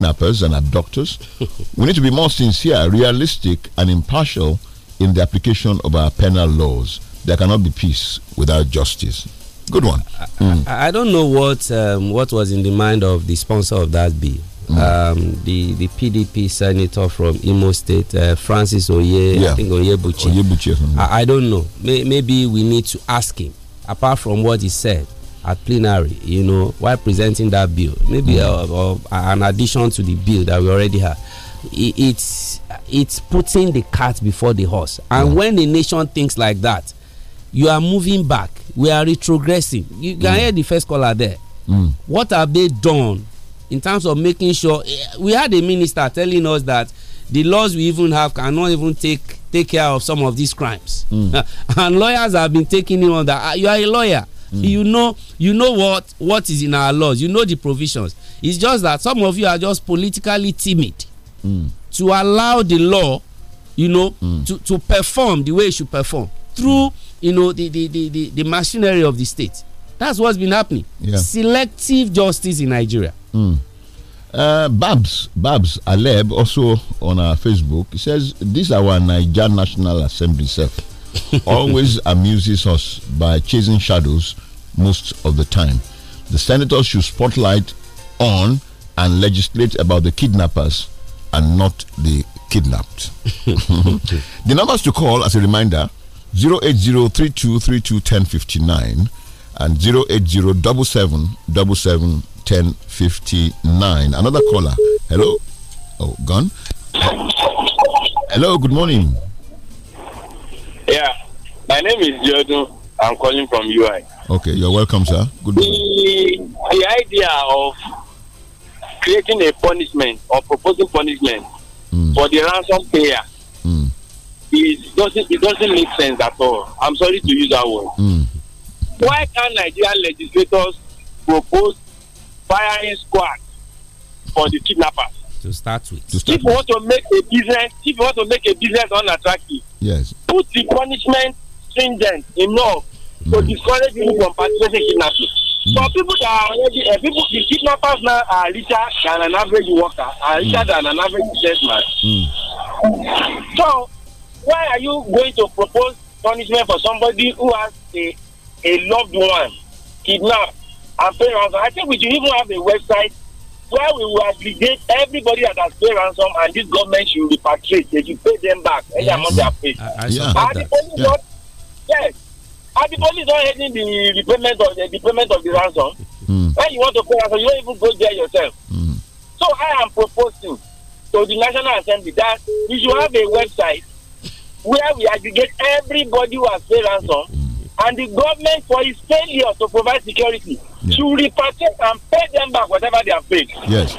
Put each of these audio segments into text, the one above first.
kidnappers and abductors. we need to be more sincere, realistic, and impartial in the application of our penal laws. There cannot be peace without justice. Good one. Mm. I, I, don't know what um, what was in the mind of the sponsor of that bill. Mm. Um, the the PDP senator from Imo State, uh, Francis Oye, yeah. I think Oyebuchi. Oyebuchi I, I, don't know. May, maybe we need to ask him. Apart from what he said, at plenary, you know, while presenting that bill, maybe mm. Uh, uh, an addition to the bill that we already have. It, it's it's putting the cart before the horse, and mm. when the nation thinks like that, you are moving back. We are retrogressing. You can mm. hear the first caller there. Mm. What have they done in terms of making sure eh, we had a minister telling us that the laws we even have cannot even take take care of some of these crimes, mm. and lawyers have been taking you on that. You are a lawyer Mm. You know, you know what what is in our laws. You know the provisions. It's just that some of you are just politically timid mm. to allow the law, you know, mm. to to perform the way it should perform through, mm. you know, the, the the, the the machinery of the state. That's what's been happening. Yeah. Selective justice in Nigeria. Mm. Uh, Babs, Babs Aleb, also on our Facebook, says, This our Niger National Assembly self always amuses us by chasing shadows most of the time. The senators should spotlight on and legislate about the kidnappers and not the kidnapped. the numbers to call, as a reminder, 08032321059 and 08077771059. Another caller. Hello? Oh, gone? Hello, good morning. Yeah, my name is Jordan. I'm calling from UI. Okay, you're welcome, sir. Good the, morning. the idea of creating a punishment or proposing punishment mm. for the ransom payer mm. it doesn't it doesn't make sense at all. I'm sorry to use that word. Mm. Why can't Nigerian legislators propose firing squad for the kidnappers? to start with. To start if you want to make a business, if you want to make a business unattractive, yes, put the punishment stringent enough mm. to discourage people from participating in kidnapping. Mm. So people that are already, uh, people, the kidnappers now are richer than an average worker, are richer mm. than an average businessman. Mm. So why are you going to propose punishment for somebody who has a, a loved one kidnapped and parents? I think we should even have a website where we will obligate everybody that has paid ransom and this government should repatriate. They should pay them back any yes. amount they have paid. I, I yeah. Are the police yeah. not? Yes. Are the police not heading the, the payment of the, the payment of the ransom? Mm. When you want to pay ransom, you don't even go there yourself. Mm. So I am proposing to the National Assembly that we should have a website where we aggregate everybody who has paid ransom and the government for its failure to provide security yeah. should repatriate and pay them back whatever they have paid. Yes.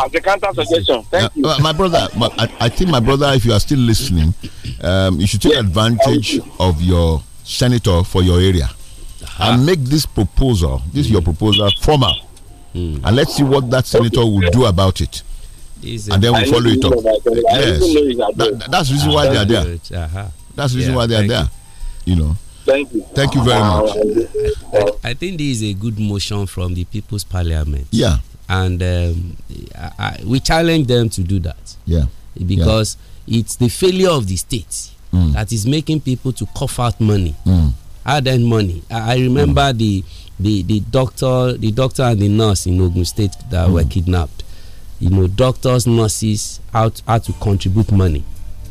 As a counter suggestion. Thank uh, you. Uh, my brother, I, I, think my brother, if you are still listening, um, you should take yes. advantage of your senator for your area -huh. and make this proposal, this mm. your proposal, formal. Mm. And let's see what that senator will do about it. and then we I follow it up. Yes, that, that's the reason why they are there. Uh -huh. That's the reason yeah, why they are there. You. you know. Thank you. Thank you very much. I, think this is a good motion from the People's Parliament. Yeah. And um, I, I, we challenge them to do that. Yeah. Because yeah. it's the failure of the state mm. that is making people to cough out money, mm. hard money. I, remember mm. the, the the doctor, the doctor and the nurse in Ogun State that mm. were kidnapped. You know, doctors, nurses, out had to contribute money.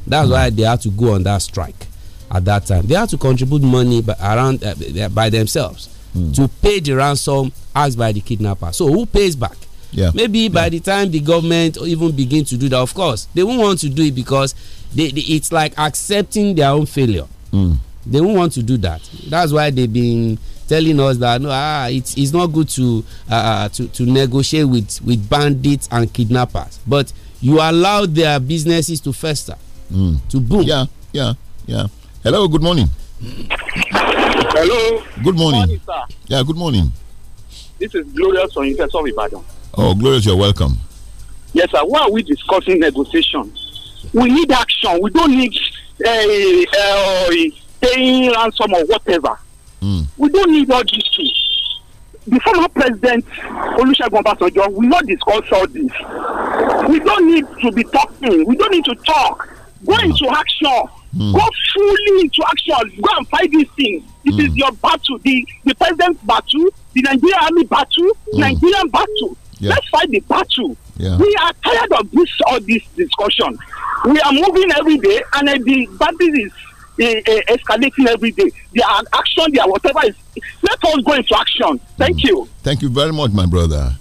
That's mm. why they had to go on that strike at that time. They had to contribute money by, around uh, by themselves mm. to pay the ransom asked by the kidnapper. So who pays back? Yeah. Maybe yeah. by the time the government even begin to do that, of course, they won't want to do it because they, they, it's like accepting their own failure. Mm. They won't want to do that. That's why they've been telling us that no, ah, it's, it's not good to, uh, uh to to negotiate with with bandits and kidnappers. But you allow their businesses to fester, mm. to boom. Yeah, yeah, yeah. Hello, good morning. Hello. Good morning. Good morning sir. Yeah, good morning. This is Glorious from University Sorry, pardon. Oh, Glorious, you're welcome. Yes, sir. Why are we discussing negotiations? We need action. We don't need uh, uh, paying ransom or whatever. Mm. We don't need all these things the former president olusegun obasanjo will not discuss all this we don't need to be talking we don't need to talk go hmm. into action Mm. Go fully into action. Go and fight these things. This mm. is your battle. The, the president's battle, the Nigerian army battle, mm. Nigerian battle. Yeah. Let's fight the battle. Yeah. We are tired of this all this discussion. We are moving every day, and uh, the battle is uh, uh, escalating every day. There are action. There are whatever is. Let us go into action. Thank mm. you. Thank you very much, my brother.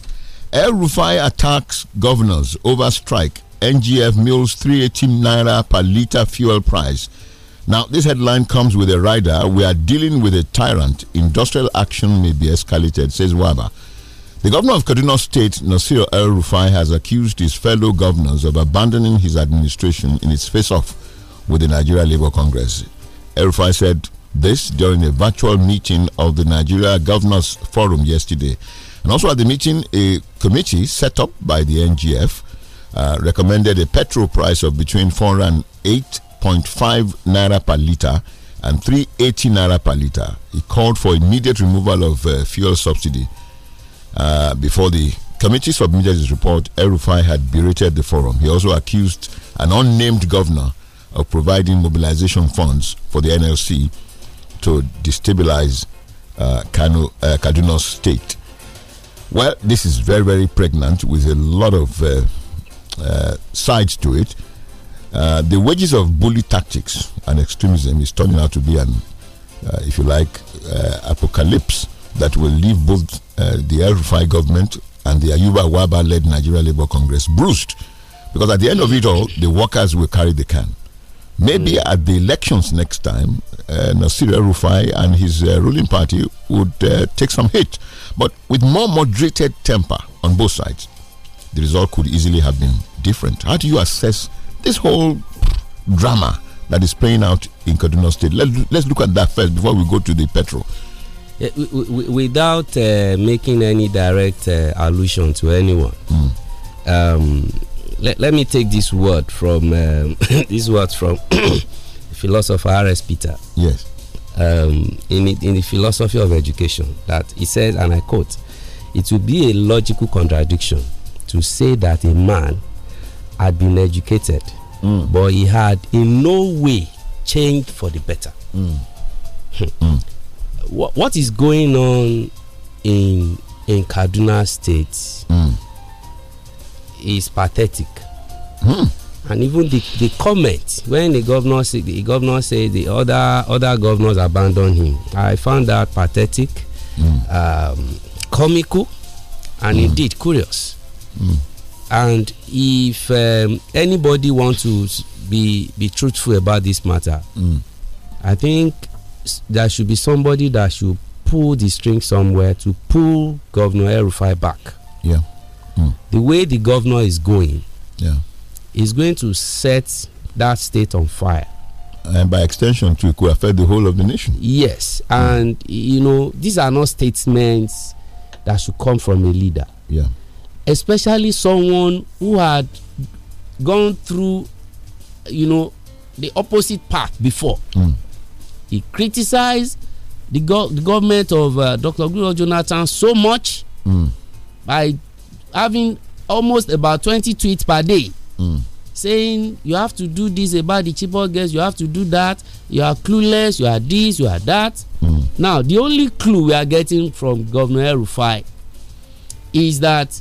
El Rufai attacks governors over strike NGF Mills 318 naira per litre fuel price. Now, this headline comes with a rider. We are dealing with a tyrant. Industrial action may be escalated, says Waba. The governor of Kaduna State, Nasir El Rufai, has accused his fellow governors of abandoning his administration in its face off with the Nigeria Labour Congress. El Rufai said this during a virtual meeting of the Nigeria Governors Forum yesterday. And also at the meeting, a committee set up by the NGF uh, recommended a petrol price of between 408.5 naira per litre and 380 naira per litre. He called for immediate removal of uh, fuel subsidy. Uh, before the committee submitted his report, Erufai had berated the forum. He also accused an unnamed governor of providing mobilization funds for the NLC to destabilize uh, Kano, uh, Kaduna State. Well, this is very, very pregnant with a lot of uh, uh, sides to it. Uh, the wages of bully tactics and extremism is turning out to be an, uh, if you like, apocalypse that will leave both the El Rufai government and the Ayuba Waba led Nigeria Labour Congress bruised. Because at the end of it all, the workers will carry the can. Maybe mm. at the elections next time, uh, Nasir Rufai and his uh, ruling party would uh, take some hit, but with more moderated temper on both sides the result could easily have been different. How do you assess this whole drama that is playing out in Kaduna State? Let, let's look at that first before we go to the petrol. without uh, making any direct uh, allusion to anyone, mm. um, let, let me take this word from um, this word from philosopher R.S. Peter. Yes. Um, in, it, in the philosophy of education, that he says, and I quote, it will be a logical contradiction to say that a man had been educated, mm. but he had in no way changed for the better. Mm. Hmm. mm. What, what is going on in in Kaduna State mm. is pathetic. Hmm. And even the, the comment when the governor said the governor said the other other governors abandoned him. I found that pathetic, mm. um, comical, and mm. indeed curious. And if um, anybody wants to be be truthful about this matter, mm. I think there should be somebody that should pull the string somewhere to pull Governor Erufai back. Yeah. Mm. The way the governor is going, yeah, is going to set that state on fire. And by extension, to could affect the whole of the nation. Yes, hmm. and you know these are not statements that should come from a leader. Yeah especially someone who had gone through, you know, the opposite path before. Mm. He criticized the, go the government of uh, Dr. Gulu Jonathan so much mm. by having almost about 20 tweets per day mm. saying you have to do this about the cheaper girls, you have to do that, you are clueless, you are this, you are that. Mm. Now, the only clue we are getting from Governor Rufai is that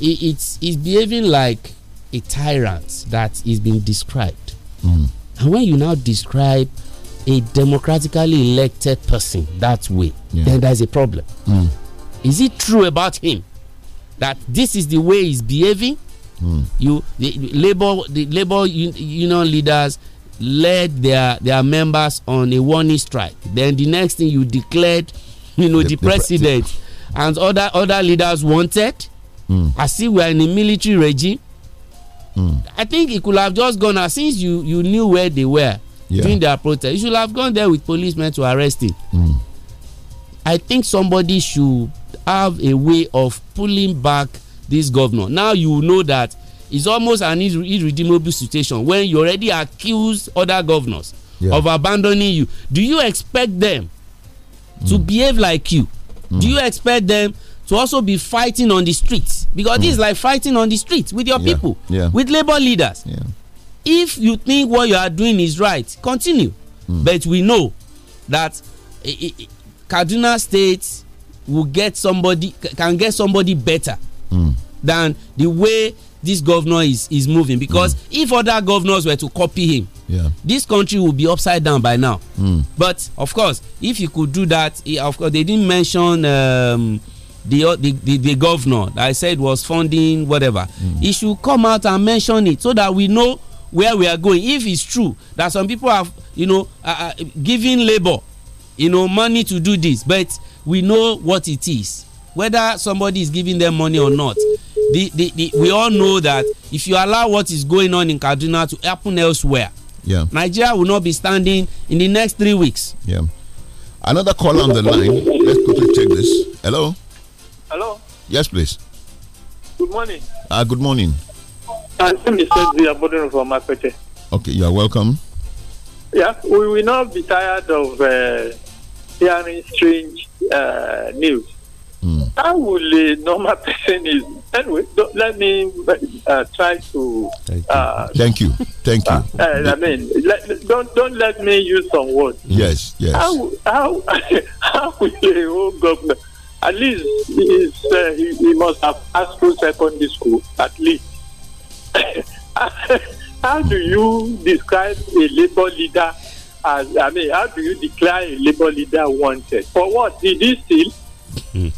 it, it's, it's behaving like a tyrant that is being described. Mm. And when you now describe a democratically elected person that way, yeah. then there's a problem. Mm. Is it true about him that this is the way he's behaving? Mm. You, the, labor, the labor union leaders led their their members on a warning strike. Then the next thing you declared, you know, the, the president and other other leaders wanted mm. as if we are in a military regime. Mm. I think it could have just gone out since you you knew where they were yeah. during their protest. You should have gone there with policemen to arrest him. Mm. I think somebody should have a way of pulling back this governor. Now you know that it's almost an irre irredeemable situation when you already accuse other governors yeah. of abandoning you. Do you expect them mm. to hmm. behave like you? Do hmm. you expect them to also be fighting on the streets because mm. this is mm. like fighting on the streets with your yeah. people, yeah. with labor leaders. Yeah. If you think what you are doing is right, continue. Mm. But we know that Kaduna State will get somebody can get somebody better mm. than the way this governor is is moving because mm. if other governors were to copy him yeah. this country would be upside down by now mm. but of course if you could do that eh, of course they didn't mention um, the, the, the, governor I said was funding whatever, mm. he should come out and mention it so that we know where we are going. If it's true that some people have, you know, uh, uh giving labor, you know, money to do this, but we know what it is. Whether somebody is giving them money or not, the, the, the, we all know that if you allow what is going on in Kaduna to happen elsewhere, yeah. Nigeria will not be standing in the next three weeks. Yeah. Another caller on the line. Let's quickly check this. Hello. Hello. Yes, please. Good morning. Ah, uh, good morning. My ah, name is Sezi Abodun from Akwete. Okay, you are welcome. Yeah, we will not be tired of uh, hearing strange uh, news. Mm. How will a normal person is? Anyway, let me uh, try to. Thank you, uh, thank you. Thank you. Uh, uh, I mean, let, don't don't let me use some words. Yes, yes. How how how will a whole government? at least uh, he, he, must have passed through secondary school, at least. how do you describe a labor leader as, I mean, how do you declare a labor leader wanted? For what? Did he steal? uh,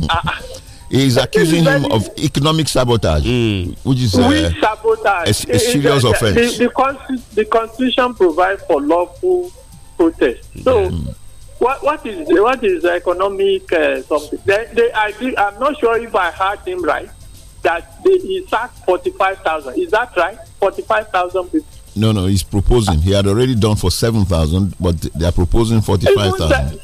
ah, ah. He's accusing him of economic sabotage, mm. which is uh, sabotage. A, a serious the, offense. The, the, the, Constitution provides for lawful protest. So, mm what, what is what is economic uh, something? They, they, I am not sure if I heard him right that they, he sacked forty five thousand. Is that right? Forty five thousand people. No, no, he's proposing. He had already done for seven thousand, but they are proposing forty five thousand.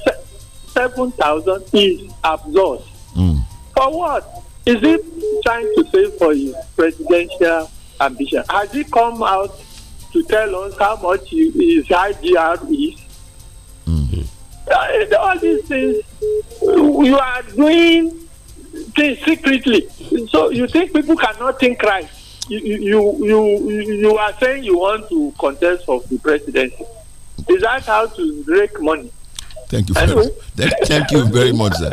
Seven thousand is absurd. Mm. For what? Is he trying to save for his presidential ambition? Has he come out to tell us how much his I D R is? Mm -hmm. hmm all these things you are doing things secretly. So you think people cannot think right. You, you, you, you are saying you want to contest for the presidency. Is that how to rake money? Thank you very much. Thank you very much, sir.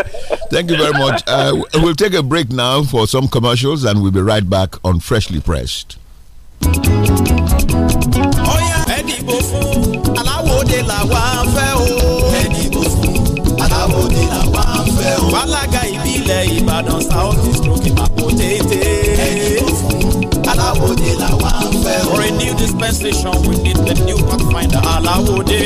Thank you very much. Uh, we'll take a break now for some commercials and we'll be right back on Freshly Pressed. Oh, lẹ̀ falaga ìbílẹ̀ ìbàdàn tètè. ń fẹ́ o. for a new dispensation we need the new pathfinder aláwòde.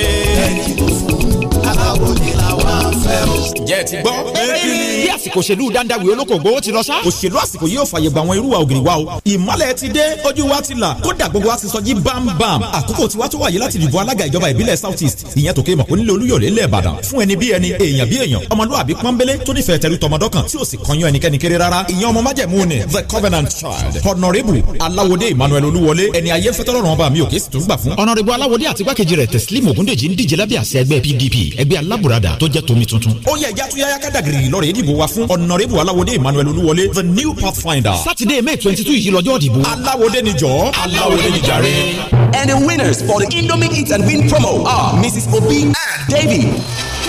ẹni tó fún. aláwo ni làwọn fẹ́ o. ǹjẹ́ ti gbọ́ méjì ni. bí àsìkò òṣèlú dandawi olókoògbò ó ti lọ sá. òṣèlú àsìkò yóò fàyè gba àwọn irú wa ògiri wa o. ìmọ̀lẹ̀ ti dé ojú wa ti là kódà gbogbo wa bámbám. àkókò tiwa tó wáyé láti dìbò alága ìjọba ìbílẹ̀ south east ìyẹn tòkè mọ̀ onílé olúyọ̀lé lẹ̀ ìbàdàn fún ẹni bí ẹni èèyàn bí èèyàn ọmọlúwàbí pọ́nbélé tó nífẹ̀ẹ́ tẹ̀lú tọmọdọ́kan tí ò sì kọyán ẹnikẹ́ni kéré rárá ìyẹn ọmọ májẹ̀mú ni the covenant child honorable aláwọdé emmanuel olúwọlé ẹni ayé fẹ́tọ́lọ́rùn ọba mi ò kí sì tún gbà fún. honorable aláwọdé àti gbàkejì rẹ̀ tẹ̀sílímù ògúndèjì ń díje lábẹ́ àṣẹ ẹgbẹ́ pdp ẹgbẹ́ alábùradà tó jẹ́ tomi tuntun. ó yẹ ìyá tuyaya kádàgìrì lọ́rẹ̀ ìdìbò wa fún ọ̀nàrẹ́bù aláwọ̀dé emmanuel olúwọlé the new pathfinder. saturday may twenty two yìí lọ́jọ́ ìdìbò. aláwọ̀dé ni jọ̀ọ́ aláwọ̀dé ni jàre. and the winners for the indomie eat and win promo are mrs obi and davy.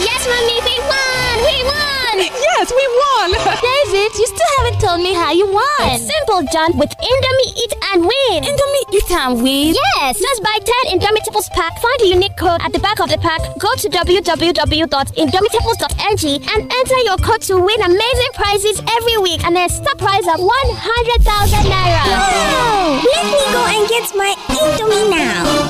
yes mami we won we won. yes we won. david you still tell me how you won. It's simple, John. With Indomie Eat and Win. Indomie Eat and Win? Yes. Just buy 10 Indomie Tipples pack. Find a unique code at the back of the pack. Go to www.indomitables.ng and enter your code to win amazing prizes every week and a stock prize of 100,000 Naira. Wow. Let me go and get my Indomie now.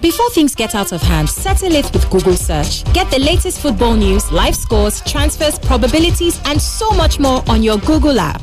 Before things get out of hand, settle it with Google search. Get the latest football news, live scores, transfers, probabilities, and so much more on your Google app.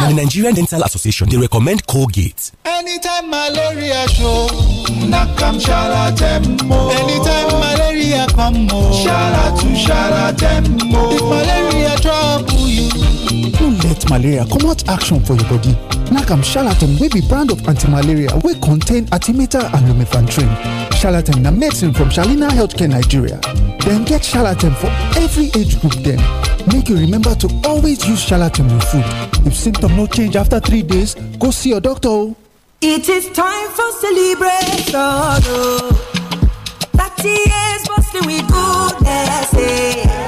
Now, the Nigerian Dental Association, they recommend Colgate. Anytime malaria show, nack am Shalatemmo. Oh. Anytime malaria come, Shalatu oh. Shalatemmo. Oh. If malaria trouble you, fight malaria comot action for your body. nakam charlatan wey be brand of anti-malaria wey contain artimata and lumefantrine. charlatan na medicine from shalina healthcare nigeria. dem get charlatan for every age group dem make you remember to always use charlatan with food if symptoms no change after three days go see your doctor oh. it is time for celebration oh. thirty years with goodness. Eh?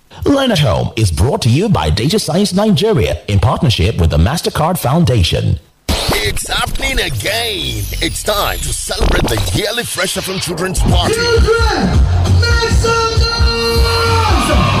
Learn at Home is brought to you by Data Science Nigeria in partnership with the MasterCard Foundation. It's happening again. It's time to celebrate the yearly Fresh Up from Children's Party. Children, make some noise!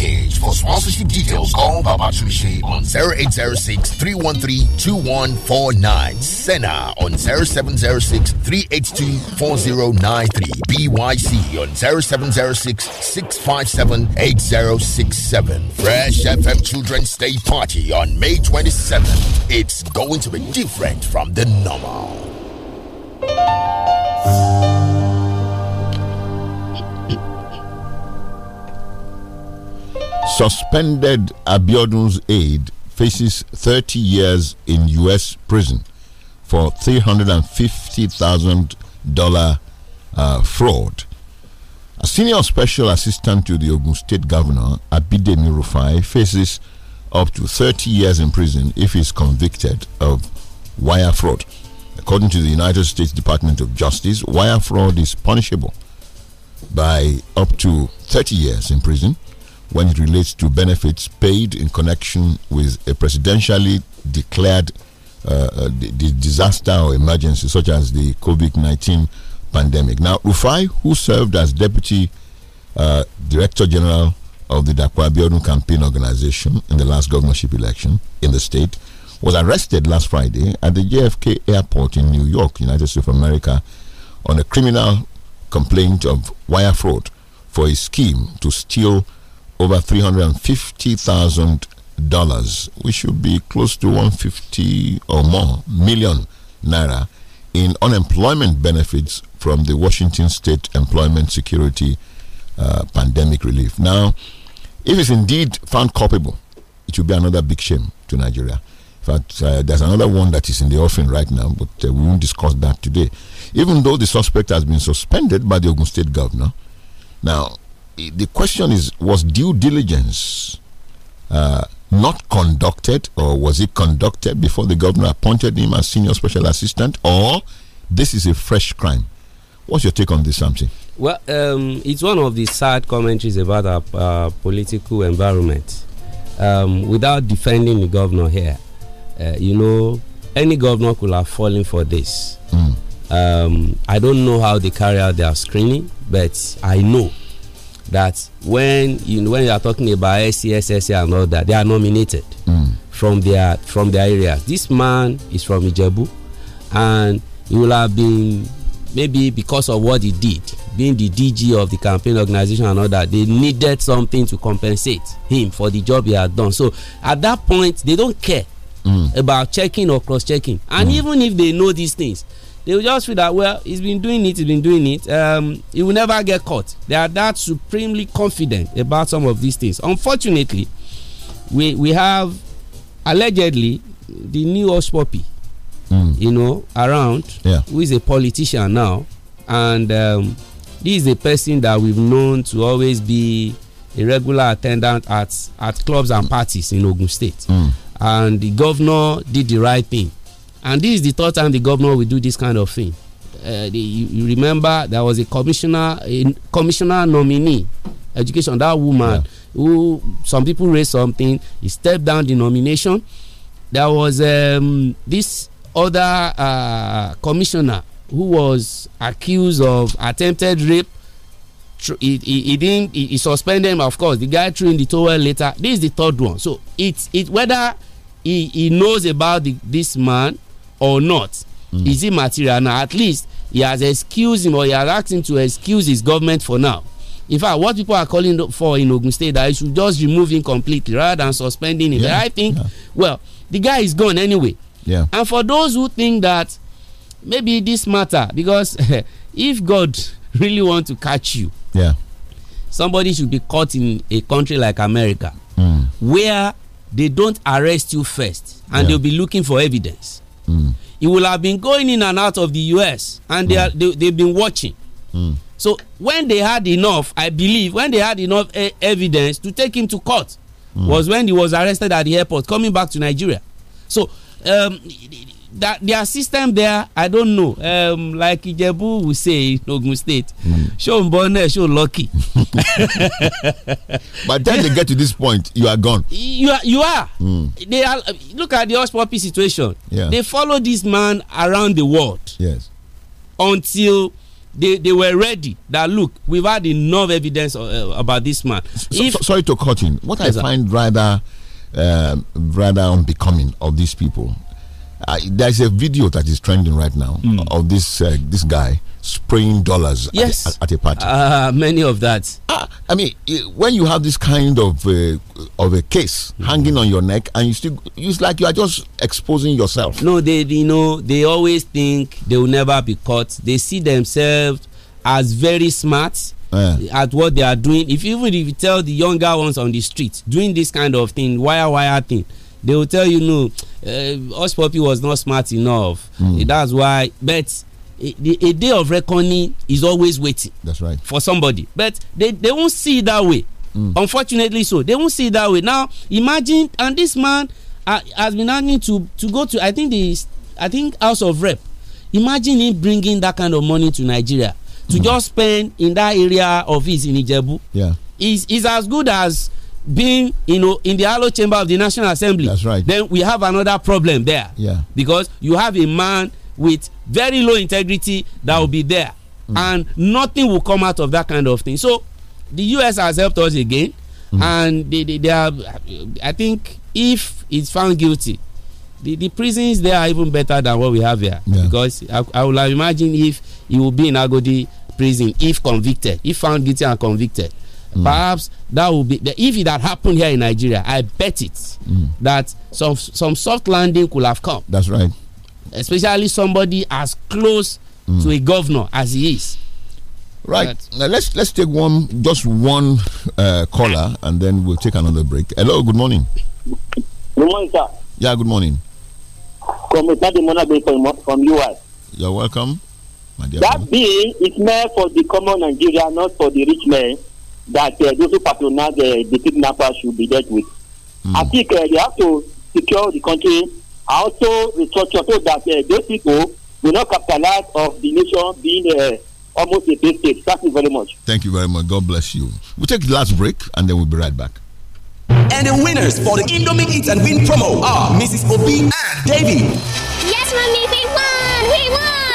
page for sponsorship details. Call Baba Chumishe on 0806 313 2149. Senna on 0706 382 4093. BYC on 0706 657 8067. Fresh FM Children's Day Party on May 27th. It's going to be different from the normal. Suspended Abiodun's aide faces 30 years in U.S. prison for $350,000 uh, fraud. A senior special assistant to the Ogun State Governor, Abidemi Rufai, faces up to 30 years in prison if he's convicted of wire fraud. According to the United States Department of Justice, wire fraud is punishable by up to 30 years in prison when it relates to benefits paid in connection with a presidentially declared uh, uh, the, the disaster or emergency, such as the COVID 19 pandemic. Now, Rufai, who served as Deputy uh, Director General of the Dakwa Biodun Campaign Organization in the last governorship election in the state, was arrested last Friday at the JFK airport in New York, United States of America, on a criminal complaint of wire fraud for a scheme to steal over $350,000, which should be close to 150 or more million naira in unemployment benefits from the Washington State Employment Security uh, Pandemic Relief. Now, if it's indeed found culpable, it will be another big shame to Nigeria. In fact, uh, there's another one that is in the offing right now, but uh, we won't discuss that today. Even though the suspect has been suspended by the Ogun State governor, now the question is was due diligence uh, not conducted or was it conducted before the governor appointed him as senior special assistant or this is a fresh crime what's your take on this something well um, it's one of the sad commentaries about our, political environment um, without defending the governor here uh, you know any governor could have fallen for this mm. um, i don't know how they carry out their screening but i know that when you when you are talking about SCSSA and all that, they are nominated mm. from their from their areas. This man is from Ijebu, and he will have been maybe because of what he did, being the DG of the campaign organization and all that, they needed something to compensate him for the job he had done. So at that point, they don't care mm. about checking or cross checking, and mm. even if they know these things they will just feel that well he's been doing it he's been doing it um, he will never get caught they are that supremely confident about some of these things unfortunately we we have allegedly the new Oshpopi, mm. you know around yeah. who is a politician now and um, this is a person that we've known to always be a regular attendant at at clubs and parties in Ogun State mm. and the governor did the right thing and this is the third time the governor will do this kind of thing uh, the, you, remember there was a commissioner a commissioner nominee education that woman yeah. who some people raised something he stepped down the nomination there was um, this other uh, commissioner who was accused of attempted rape he, he, he didn't he, he, suspended him of course the guy threw in the towel later this is the third one so it's it whether he, he knows about the, this man or not? Mm. Is it material now? At least he has excused him or he has asked him to excuse his government for now. In fact, what people are calling for in Ogun State that he should just remove him completely rather than suspending him. Yeah, I think, yeah. well, the guy is gone anyway. Yeah. And for those who think that maybe this matter, because if God really want to catch you, yeah, somebody should be caught in a country like America, mm. where they don't arrest you first, and yeah. they'll be looking for evidence Mm. He will have been going in and out of the US and they, mm. are, they they've been watching. Mm. So when they had enough, I believe, when they had enough e eh, evidence to take him to court, mm. was when he was arrested at the airport coming back to Nigeria. So um, that their system there i don't know um, like ijebu will say in ogun state show mbone show lucky. by the time they get to this point you are gone. you are you are. Mm. they are look at the ospopi situation. Yeah. they follow this man around the world. yes. until they they were ready that look we've had enough evidence uh, uh about this man. So, if, so, sorry to cut in what yes, i find rather. Uh, rather unbecoming of these people uh, there's a video that is trending right now mm. of this uh, this guy spraying dollars yes. at, at, a party. Uh, many of that. Uh, I mean, eh, when you have this kind of uh, of a case mm. hanging on your neck, and you still, it's like you are just exposing yourself. No, they you know they always think they will never be caught. They see themselves as very smart. Eh. At what they are doing, if even if you tell the younger ones on the street doing this kind of thing, wire wire thing, they will tell you no uh, eh, us poppy was not smart enough mm. that's why but a, a, day of reckoning is always waiting that's right for somebody but they, they won't see it that way mm. unfortunately so they won't see it that way now imagine and this man uh, has been asking to to go to i think the i think house of rep imagine him bringing that kind of money to nigeria to mm. just spend in that area of his in ijebu yeah is is as good as being you know in the hollow chamber of the national assembly that's right then we have another problem there yeah because you have a man with very low integrity that mm. will be there mm. and nothing will come out of that kind of thing so the us has helped us again mm. and they, they, they are i think if he's found guilty the, the prisons there are even better than what we have here yeah. because I, I would imagine if he would be in agodi prison if convicted if found guilty and convicted Mm. Perhaps that will be the, if it had happened here in Nigeria, I bet it mm. that some some soft landing could have come. That's right. Especially somebody as close mm. to a governor as he is. Right. But, now let's let's take one just one uh, caller and then we'll take another break. Hello, good morning. Good morning, sir. Yeah, good morning. From US. You're welcome. that bill is meant for the common Nigeria, not for the rich man that uh, those who patronize uh, the kidnappers should be dealt with. Mm. I think uh, they have to secure the country, also restructure so that uh, those people will not capitalize of the nation being uh, almost a big state. Thank you very much. Thank you very much. God bless you. We'll take the last break and then we'll be right back. And the winners for the Indomie Eat and Win promo are Mrs. Obi and Davy. Yes, mommy, we won! We won!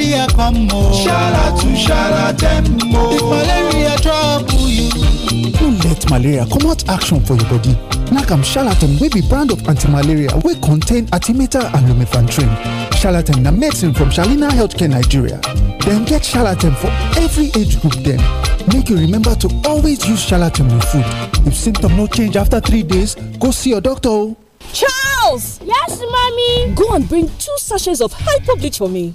malaria come o. ṣara tu ṣara dem if malaria trouble you. no let malaria comot action for your body. nakam charlatan wey be brand of anti-malaria wey contain artimata and lumefantrine. charlatan na medicine from shalina healthcare nigeria. dem get charlatan for every age group dem. make you remember to always use charlatan with food. if symptoms no change after three days go see your doctor Charles! Yes, mommy? Go and bring two sachets of hyper bleach for me.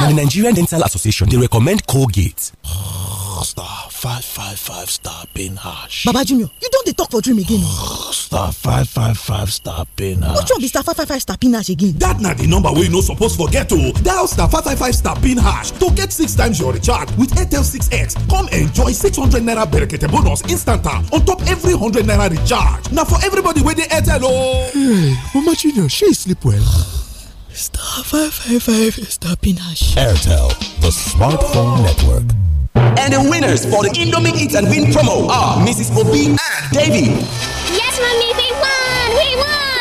Now, the Nigerian Dental Association, they recommend Colgate. star five five five star pain hash. baba Junior, you don't dey talk for dream again oh. star five five five star pain hash which one be star five five five star pain hash again That na the number wey you no supposed forget o oh. dial star five five five star pain hash to get six times your recharge with airtel 6x come enjoy six hundred naira berekete bonus instant ah, on top every hundred naira recharge Now for everybody where they airtel o. Oh. hey mama Junior, she sleep well. Star 555 is the pinash. Airtel, the smartphone network. And the winners for the Indomie Eat and Win promo are Mrs. Obi and Davy. Yes, mommy, we won! We won!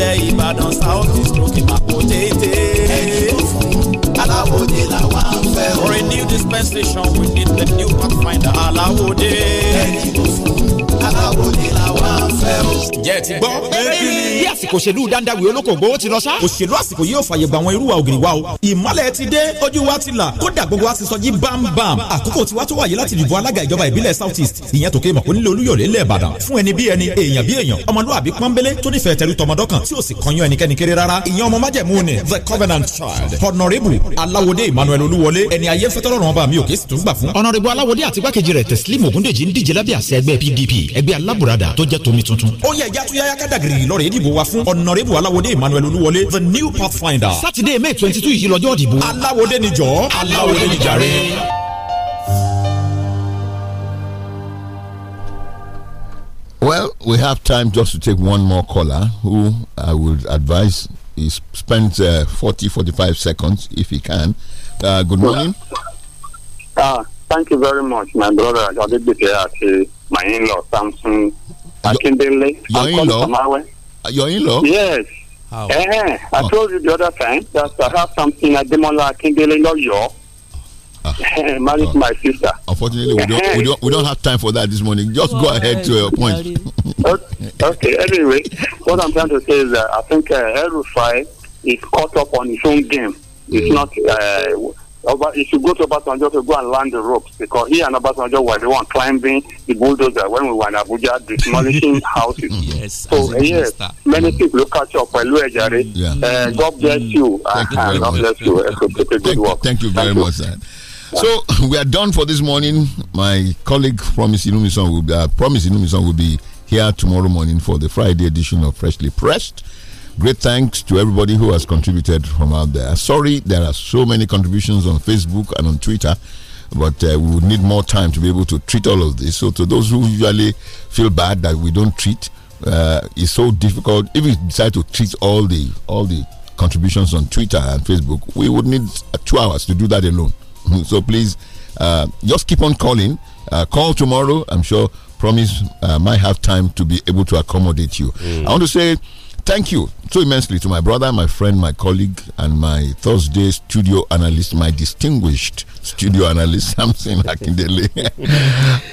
ilẹ̀ ìbàdàn south east òkè màpò tètè. ẹni tó fún aláwòde làwa ń fẹ́ for a new dispensation we need the new pathfinder aláwòde. ẹni tó fún aláwo ni làwa fẹ́ o. ǹjẹ́ ti gbọ́. bí àsìkò òṣèlú dandawi olókògbò ó ti lọ sá. òṣèlú àsìkò yóò fàyè gba àwọn irúwà ògiri wa o. ìmọ̀lẹ̀ ti dé ojú wa ti là kódà gbogbo wa ti sọ jí bámbám. àkókò tiwa tó wáyé láti dìbò alága ìjọba ìbílẹ̀ south east ìyẹn tòkè mọ̀ onílé olúyọ̀lé lẹ́ẹ̀bàdàn fún ẹni bí ẹni èèyàn bí èèyàn ọmọlúwàbí pọ́nbélé tó nífẹ̀ẹ́ tẹ̀lú tọmọdọ́kàn tí ò sì kọyán ẹnikẹ́ni kéré rárá ìyẹn ọmọ májẹ̀mú ni the covenant child honourable aláwọdé emmanuel olúwọlé ẹni ayé fẹ́tọ́lọ́run ọba mi ò kí sì tún gbà fún. honourable aláwọdé àti igbákejì rẹ̀ pdp ẹgbẹ́ alábùradà tó jẹ́ tomi tuntun. ó yẹ ìyá tuyaya wa fún ọ̀nàrẹ́bù aláwọ̀dé emmanuel olúwọlé the new pathfinder. sátidé may twenty two yìí ìdìbò. aláwọ̀dé ni aláwọ̀dé ni jàre. Well, we have time just to take one more caller who I would advise he spends uh, 40 45 seconds if he can. Uh, good morning. Uh, Thank you very much, my brother Adedeke uh, my in-law Samson Akindele. Your, your in-law? Uh, your in-law? Yes. Uh -huh. I oh. told you the other time that I have something at Demola Akindele in Oyo. Ah. Uh-huh. Married oh. my sister. Unfortunately, we don't, we, don't, we don't have time for that this morning. Just go ahead to your point. okay, anyway, what I'm trying to say is that I think uh, El Rufai is caught up on his own game. It's mm. not uh, if you go to Obasanjo to go and learn the ropes because he and Obasanjo were the one climbing the bulldozer when we were in Abuja demolishing houses. Yes, so yes, yeah, many people catch up pẹ̀lú ẹ̀jẹ̀ rẹ̀. Mm, uh, God bless mm, you. Thank uh, you God bless you. Thank, thank you very thank much. You. So we are done for this morning. My colleague Promise Inumison will be, uh, Promise Inumison will be here tomorrow morning for the Friday edition of Freshly Pressed. Great thanks to everybody who has contributed from out there. Sorry, there are so many contributions on Facebook and on Twitter, but uh, we would need more time to be able to treat all of this. So, to those who usually feel bad that we don't treat, uh, it's so difficult. If we decide to treat all the all the contributions on Twitter and Facebook, we would need uh, two hours to do that alone. so please, uh, just keep on calling. Uh, call tomorrow. I'm sure. Promise uh, might have time to be able to accommodate you. Mm. I want to say thank you so immensely to my brother, my friend, my colleague, and my Thursday studio analyst, my distinguished studio analyst, Samson Akindele.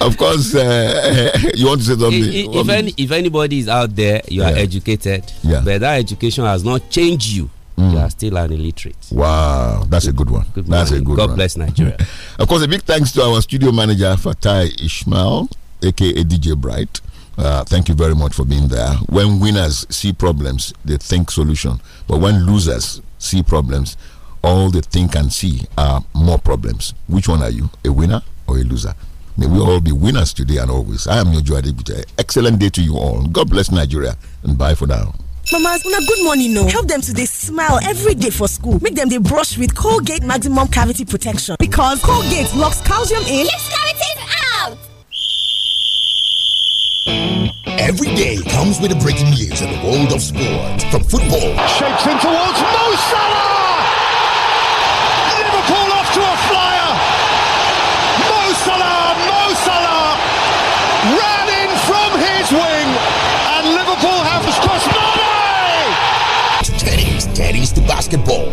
of course, uh, you want to say something? If, if, any, if anybody is out there, you yeah. are educated, yeah. but that education has not changed you. Mm. You are still an illiterate. Wow, that's good, a good one. Good that's a good God one. God bless Nigeria. of course, a big thanks to our studio manager, Fatai Ishmael, aka DJ Bright. Uh, thank you very much for being there. When winners see problems, they think solution. But when losers see problems, all they think and see are more problems. Which one are you, a winner or a loser? May we all be winners today and always. I am your Joy Adibute. Excellent day to you all. God bless Nigeria and bye for now. Mamas, una good morning no. Help them to they smile every day for school. Make them they brush with Colgate Maximum Cavity Protection because Colgate locks calcium in. Keeps cavities Every day comes with a breaking news in the world of sports. From football, shapes in towards Mo Salah. Liverpool off to a flyer. Mo Salah, Mo Salah ran in from his wing, and Liverpool have crossed Mane. Tennis, tennis to basketball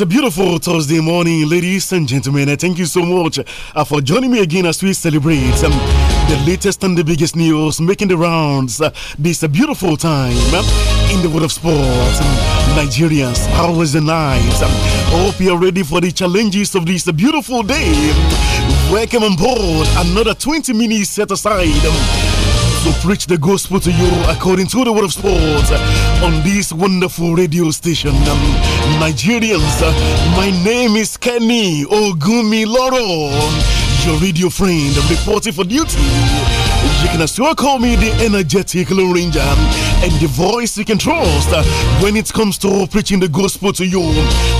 It's a beautiful Thursday morning, ladies and gentlemen. Thank you so much uh, for joining me again as we celebrate um, the latest and the biggest news making the rounds uh, this beautiful time uh, in the world of sports. Um, Nigerians, was the night? Um, hope you're ready for the challenges of this beautiful day. Welcome on board. Another 20 minutes set aside. Um, to preach the gospel to you according to the word of sports on this wonderful radio station. Um, Nigerians, uh, my name is Kenny Ogumiloro, your radio friend reporting for duty you can still call me the energetic Lone Ranger and the voice you can trust uh, when it comes to preaching the gospel to you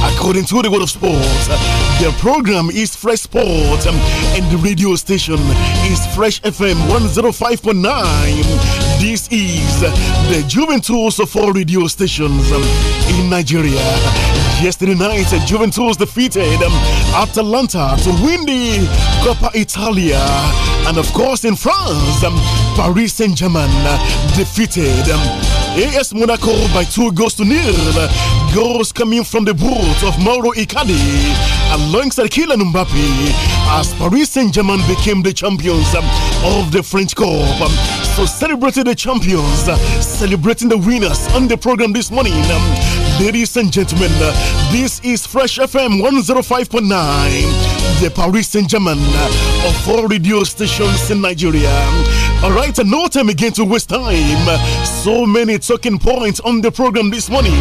according to the word of sports. Uh, the program is Fresh Sport um, and the radio station is Fresh FM 105.9. This is the Juventus of all radio stations um, in Nigeria. Yesterday night, Juventus defeated um, Atalanta to win the Coppa Italia. And of course, in France, um, Paris Saint Germain uh, defeated um, AS Monaco by two goals to nil. Goals coming from the boot of Mauro Icardi alongside Kylian Mbappe as Paris Saint Germain became the champions um, of the French Cup. Um, so, celebrating the champions, uh, celebrating the winners on the program this morning. Um, Ladies and gentlemen, this is Fresh FM 105.9, the Paris Saint Germain of all radio stations in Nigeria. All right, no time again to waste time. So many talking points on the program this morning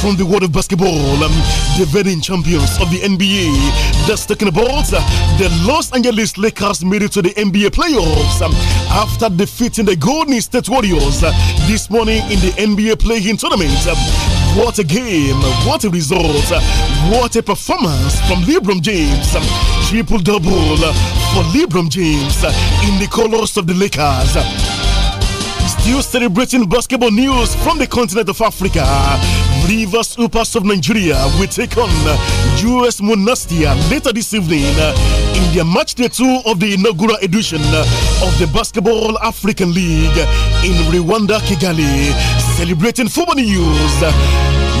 from the world of basketball, um, the reigning champions of the NBA. That's talking about the Los Angeles Lakers made it to the NBA playoffs um, after defeating the Golden State Warriors uh, this morning in the NBA playing tournament. Um, what a game, what a result, what a performance from LeBron James. Triple double for LeBron James in the colors of the Lakers. Still celebrating basketball news from the continent of Africa. Rivers Upas of Nigeria will take on US Monastia later this evening in their match day two of the inaugural edition of the Basketball African League in Rwanda, Kigali. Celebrating football news.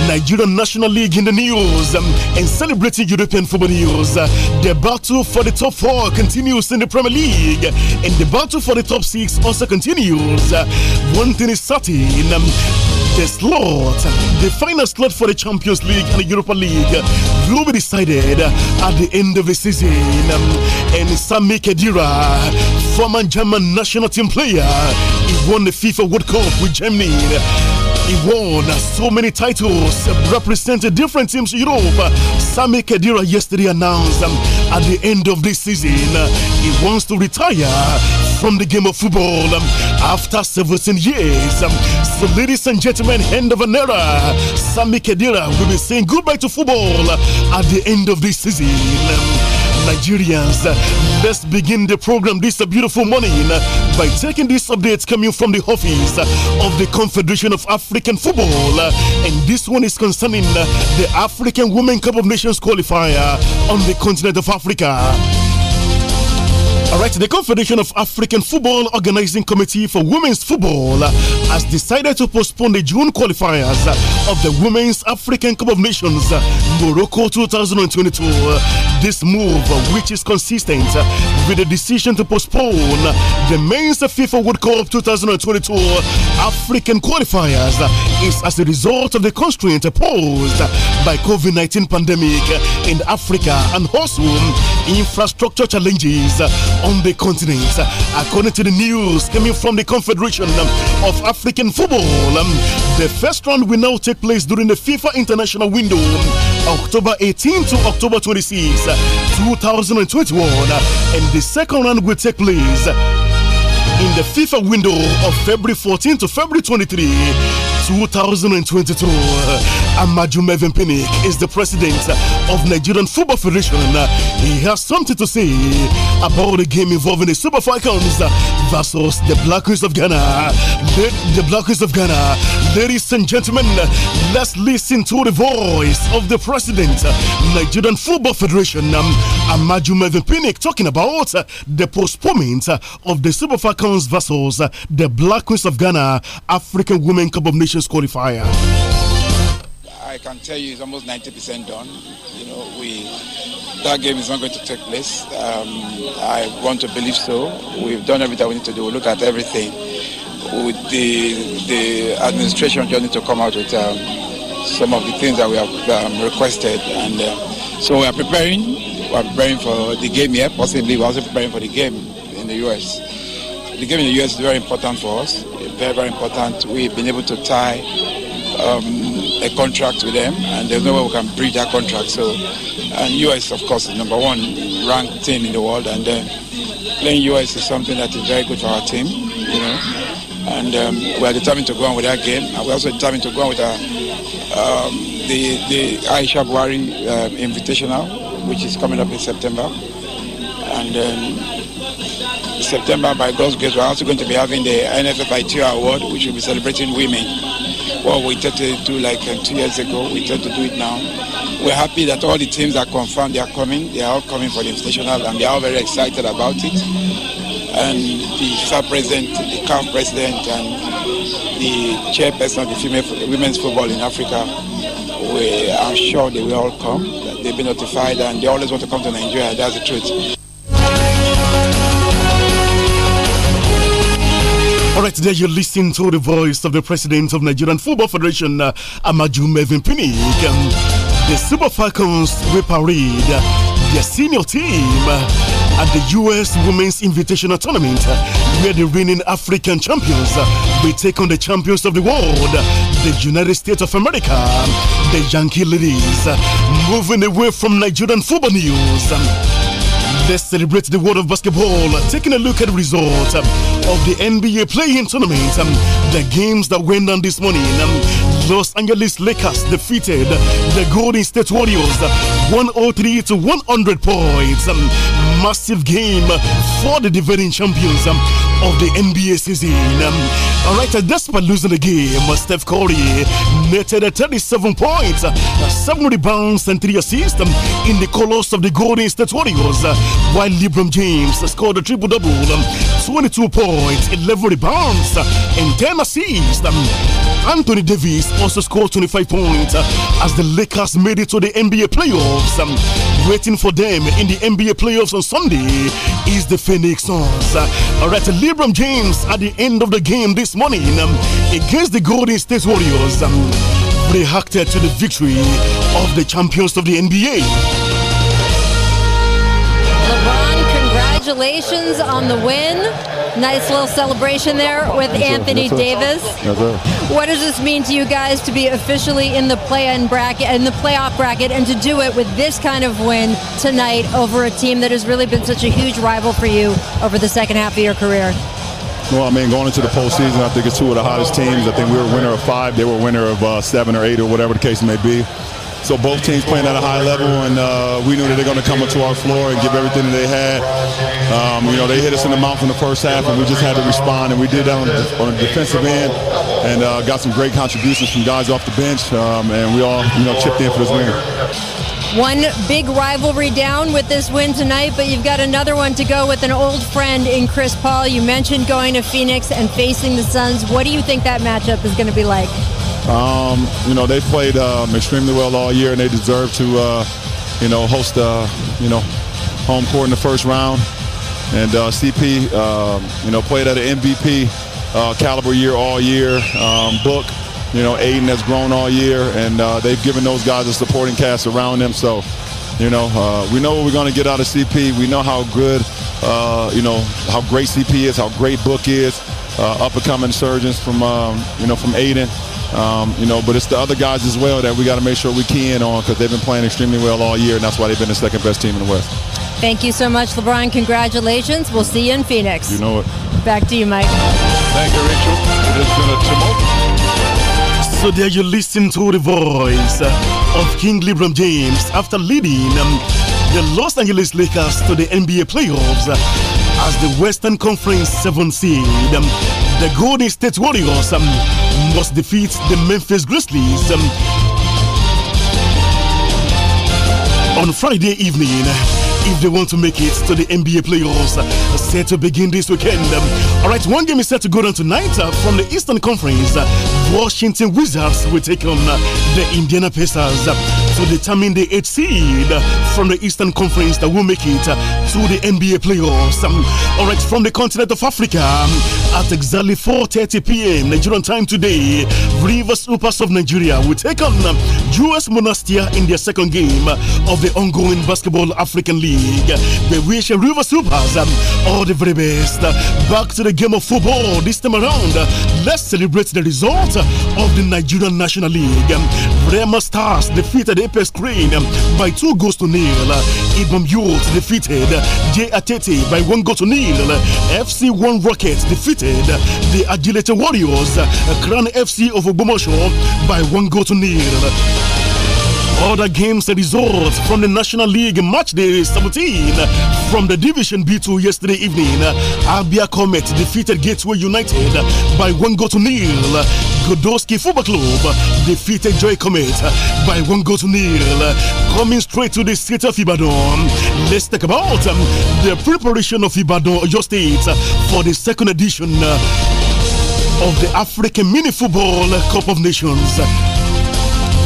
Nigerian National League in the news um, and celebrating European football news. Uh, the battle for the top four continues in the Premier League, and the battle for the top six also continues. Uh, one thing is certain um, the slot, the final slot for the Champions League and the Europa League will be decided at the end of the season. And Sami Khedira, former German national team player, he won the FIFA World Cup with Germany. He won so many titles, represented different teams in Europe. Sami Khedira yesterday announced um, at the end of this season he wants to retire from the game of football um, after 17 years. Um, so, ladies and gentlemen, end of an era. Sami Kedira will be saying goodbye to football uh, at the end of this season. Um, Nigerians, uh, let's begin the program this uh, beautiful morning by taking this update coming from the office of the Confederation of African Football. And this one is concerning the African Women Cup of Nations qualifier on the continent of Africa. All right, the Confederation of African Football Organizing Committee for Women's Football has decided to postpone the June qualifiers of the Women's African Cup of Nations Morocco 2022. This move, which is consistent with the decision to postpone the Men's FIFA World Cup 2022 African qualifiers, is as a result of the constraint posed by COVID-19 pandemic in Africa and also infrastructure challenges on the continent, according to the news coming from the Confederation of African Football. Um, the first round will now take place during the FIFA international window, October 18 to October 26, 2021, and the second round will take place in the FIFA window of February 14 to February 23. 2022. Amaju Mevin Pinnick is the president of Nigerian Football Federation. He has something to say about the game involving the Super Falcons versus the Black Queens of Ghana. The Black Queens of Ghana. Ladies and gentlemen, let's listen to the voice of the president, Nigerian Football Federation, Amaju Mevin Pinnick, talking about the postponement of the Super Falcons versus the Black Queens of Ghana African Women Cup of Nations. Nations qualifier? I can tell you it's almost 90% done. You know, we that game is not going to take place. Um, I want to believe so. We've done everything we need to do. We look at everything. With the the administration just need to come out with um, some of the things that we have um, requested, and uh, so we are preparing. We are preparing for the game here. Possibly, we're also preparing for the game in the US. The game in the US is very important for us very, very important. We've been able to tie um, a contract with them, and there's no way we can breach that contract. So, and US, of course, is number one ranked team in the world, and uh, playing US is something that is very good for our team, you know. And um, we are determined to go on with that game, and we're also determined to go on with our, um, the, the Aisha Buhari uh, Invitational, which is coming up in September. And um, September, by God's grace, we're also going to be having the NFFIT Award, which will be celebrating women. Well, we tried to do like uh, two years ago. We tried to do it now. We're happy that all the teams are confirmed. They are coming. They are all coming for the international, and they are all very excited about it. And the sub president, the CAF president, and the chairperson of the female, women's football in Africa, we are sure they will all come. They've been notified and they always want to come to Nigeria. That's the truth. Right there, you're listening to the voice of the president of Nigerian Football Federation, uh, Amaju Mevin Pinnick. Um, the Super Falcons will parade uh, their senior team uh, at the U.S. Women's Invitational Tournament, uh, where the reigning African champions uh, will take on the champions of the world, uh, the United States of America, the Yankee ladies, moving away from Nigerian football news. Um, Let's celebrate the world of basketball, taking a look at the results of the NBA playing tournament, um, the games that went on this morning. Um, Los Angeles Lakers defeated the Golden State Warriors 103 to 100 points. Um, massive game for the defending champions um, of the NBA season. Um, All right, despite losing the game, Steph Curry netted 37 points, 7 rebounds, and 3 assists in the colors of the Golden State Warriors, uh, while LeBron James scored a triple double 22 points, 11 rebounds, uh, and 10 assists. Anthony Davis also scored 25 points uh, as the Lakers made it to the NBA playoffs. Um, waiting for them in the NBA playoffs on Sunday is the Phoenix Suns. Uh, all right, LeBron James at the end of the game this morning um, against the Golden State Warriors um, reacted to the victory of the champions of the NBA. congratulations on the win. Nice little celebration there with that's Anthony that's Davis. That's what does this mean to you guys to be officially in the play-in bracket in the playoff bracket and to do it with this kind of win tonight over a team that has really been such a huge rival for you over the second half of your career? Well, I mean, going into the postseason, I think it's two of the hottest teams. I think we were a winner of five. They were a winner of uh, seven or eight or whatever the case may be. So both teams playing at a high level, and uh, we knew that they're going to come into our floor and give everything that they had. Um, you know, they hit us in the mouth in the first half, and we just had to respond, and we did that on the, on the defensive end, and uh, got some great contributions from guys off the bench, um, and we all, you know, chipped in for this win. One big rivalry down with this win tonight, but you've got another one to go with an old friend in Chris Paul. You mentioned going to Phoenix and facing the Suns. What do you think that matchup is going to be like? Um, you know, they played um, extremely well all year, and they deserve to, uh, you know, host, uh, you know, home court in the first round. And uh, CP, um, you know, played at an MVP uh, caliber year all year. Um, Book, you know, Aiden has grown all year, and uh, they've given those guys a supporting cast around them. So, you know, uh, we know what we're going to get out of CP. We know how good, you know, how great CP is, how great Book is, up and coming surgeons from, um, you know, from Aiden. Um, you know, but it's the other guys as well that we got to make sure we key in on because they've been playing extremely well all year, and that's why they've been the second best team in the West. Thank you so much, LeBron. Congratulations. We'll see you in Phoenix. You know it. Back to you, Mike. Thank you, Rachel. It has been a tumult. So there you listen to the voice uh, of King LeBron James after leading um, the Los Angeles Lakers to the NBA playoffs uh, as the Western Conference 7 seed. Um, the Golden State Warriors. Um, must defeat the Memphis Grizzlies um, on Friday evening if they want to make it to the NBA playoffs uh, set to begin this weekend. Um, all right, one game is set to go down tonight uh, from the Eastern Conference. Uh, Washington Wizards will take on uh, the Indiana Pacers to determine the eighth seed from the Eastern Conference that will make it to the NBA playoffs. Um, all right, from the continent of Africa, um, at exactly 4:30 p.m. Nigerian time today, Rivers Upas of Nigeria will take on US um, Monastia in their second game of the ongoing Basketball African League. We wish Rivers Upas all the very best. Back to the game of football this time around. Let's celebrate the result of the Nigerian National League. Rema Stars defeated screen um, by two goals to nil. Uh, Ibom Youth defeated uh, J. Atete by one goal to nil. Uh, FC One Rockets defeated the Agility Warriors. Crown FC of Obomosho by one goal to nil. Other games and results from the National League match day 17 from the Division B2 yesterday evening. Abia Comet defeated Gateway United by one goal to nil. Godo'ski Football Club defeated Joy Comet by one goal to nil. Coming straight to the city of Ibadan. Let's talk about um, the preparation of Ibadan, your state, for the second edition of the African Mini Football Cup of Nations.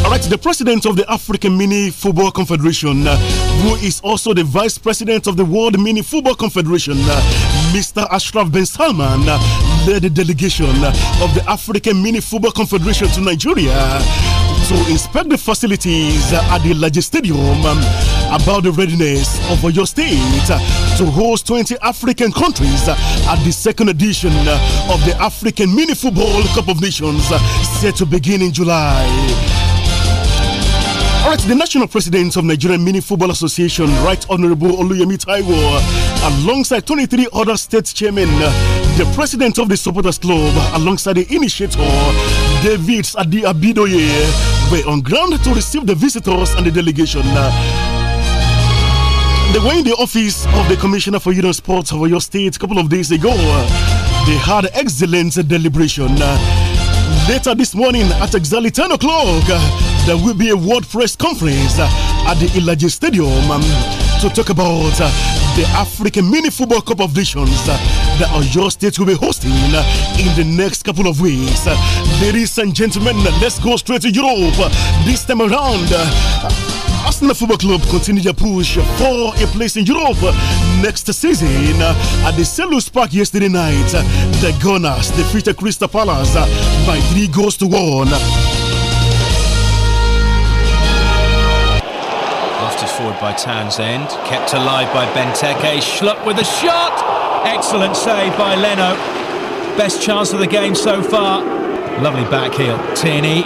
All right, the president of the African Mini Football Confederation, uh, who is also the vice president of the World Mini Football Confederation, uh, Mr. Ashraf Ben Salman, uh, led the delegation uh, of the African Mini Football Confederation to Nigeria to inspect the facilities uh, at the largest stadium. Um, about the readiness of your state uh, to host 20 African countries at the second edition of the African Mini Football Cup of Nations set to begin in July. All right, the national president of Nigerian Mini Football Association, Right Honorable Oluyemi Taiwo, alongside 23 other state chairmen, the president of the supporters club, alongside the initiator, David Adi Abidoye, were on ground to receive the visitors and the delegation. They were in the office of the Commissioner for Union Sports of your state a couple of days ago. They had excellent deliberation. Later this morning at exactly 10 o'clock, there will be a World Press Conference uh, at the Ilaji Stadium um, to talk about uh, the African Mini Football Cup of Nations uh, that our State will be hosting uh, in the next couple of weeks. Uh, ladies and gentlemen, uh, let's go straight to Europe. This time around, Arsenal Football Club continue their push for a place in Europe next season. At the Selous Park yesterday night, the Gunners defeated Crystal Palace by three goals to one. forward by Townsend, kept alive by Benteke, Schlupp with a shot! Excellent save by Leno. Best chance of the game so far. Lovely back heel, Tierney,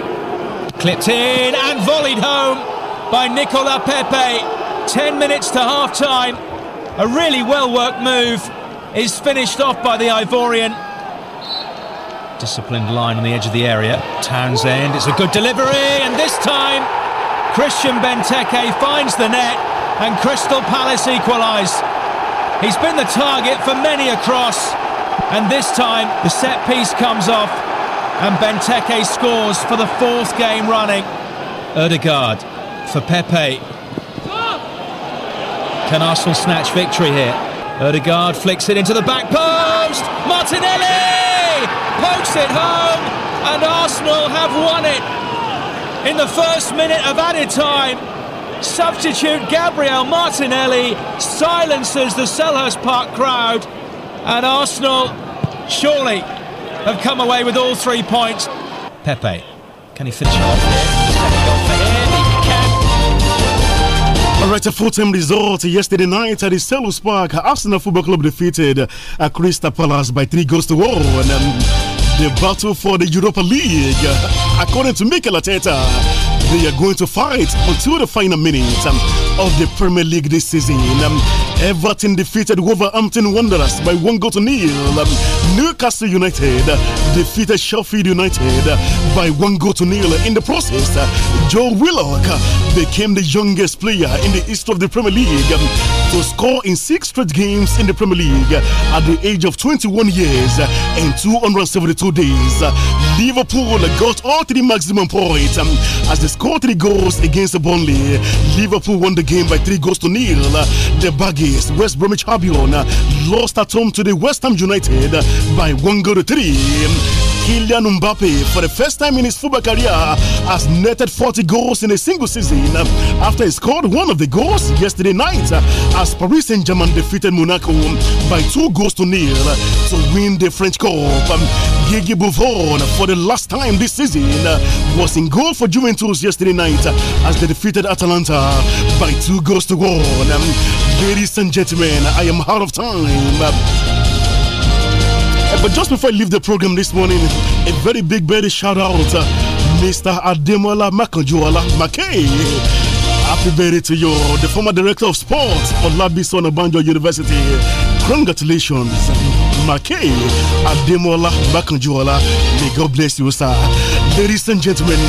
clipped in and volleyed home by Nicola Pepe. Ten minutes to half-time. A really well-worked move is finished off by the Ivorian. Disciplined line on the edge of the area. Townsend, it's a good delivery, and this time Christian Benteke finds the net and Crystal Palace equalise. He's been the target for many a cross and this time the set piece comes off and Benteke scores for the fourth game running. Erdegaard for Pepe. Can Arsenal snatch victory here? Erdegaard flicks it into the back post. Martinelli pokes it home and Arsenal have won it in the first minute of added time. Substitute Gabriel Martinelli silences the Selhurst Park crowd, and Arsenal surely have come away with all three points. Pepe, can he finish off Alright, a full-time result yesterday night at the Selhurst Park. Arsenal Football Club defeated uh, Crystal Palace by three goals to one the battle for the Europa League. According to Mikel Arteta, they are going to fight until the final minute um, of the Premier League this season. Um, Everton defeated Wolverhampton Wanderers by one goal to nil. Um, Newcastle United defeated Sheffield United by one goal to nil. In the process, uh, Joe Willock uh, became the youngest player in the history of the Premier League um, to score in six straight games in the Premier League uh, at the age of 21 years and 272 days. Liverpool got all three maximum points um, as they scored three goals against Burnley. Liverpool won the game by three goals to nil. The Baggy West Bromwich Albion lost at home to the West Ham United by one goal to three. Kylian Mbappe, for the first time in his football career, has netted 40 goals in a single season after he scored one of the goals yesterday night as Paris Saint Germain defeated Monaco by two goals to nil to win the French Cup. Um, Gigi Buffon, for the last time this season, was in goal for Juventus yesterday night as they defeated Atalanta by two goals to one. Um, ladies and gentlemen, I am out of time. Um, but just before I leave the program this morning, a very big, very shout out to Mr. Ademola Makanjuala McKay. Happy birthday to you, the former director of sports for Labison Obanjo University. Congratulations, Makay Ademola Bakanjuola. May God bless you, sir. Ladies and gentlemen,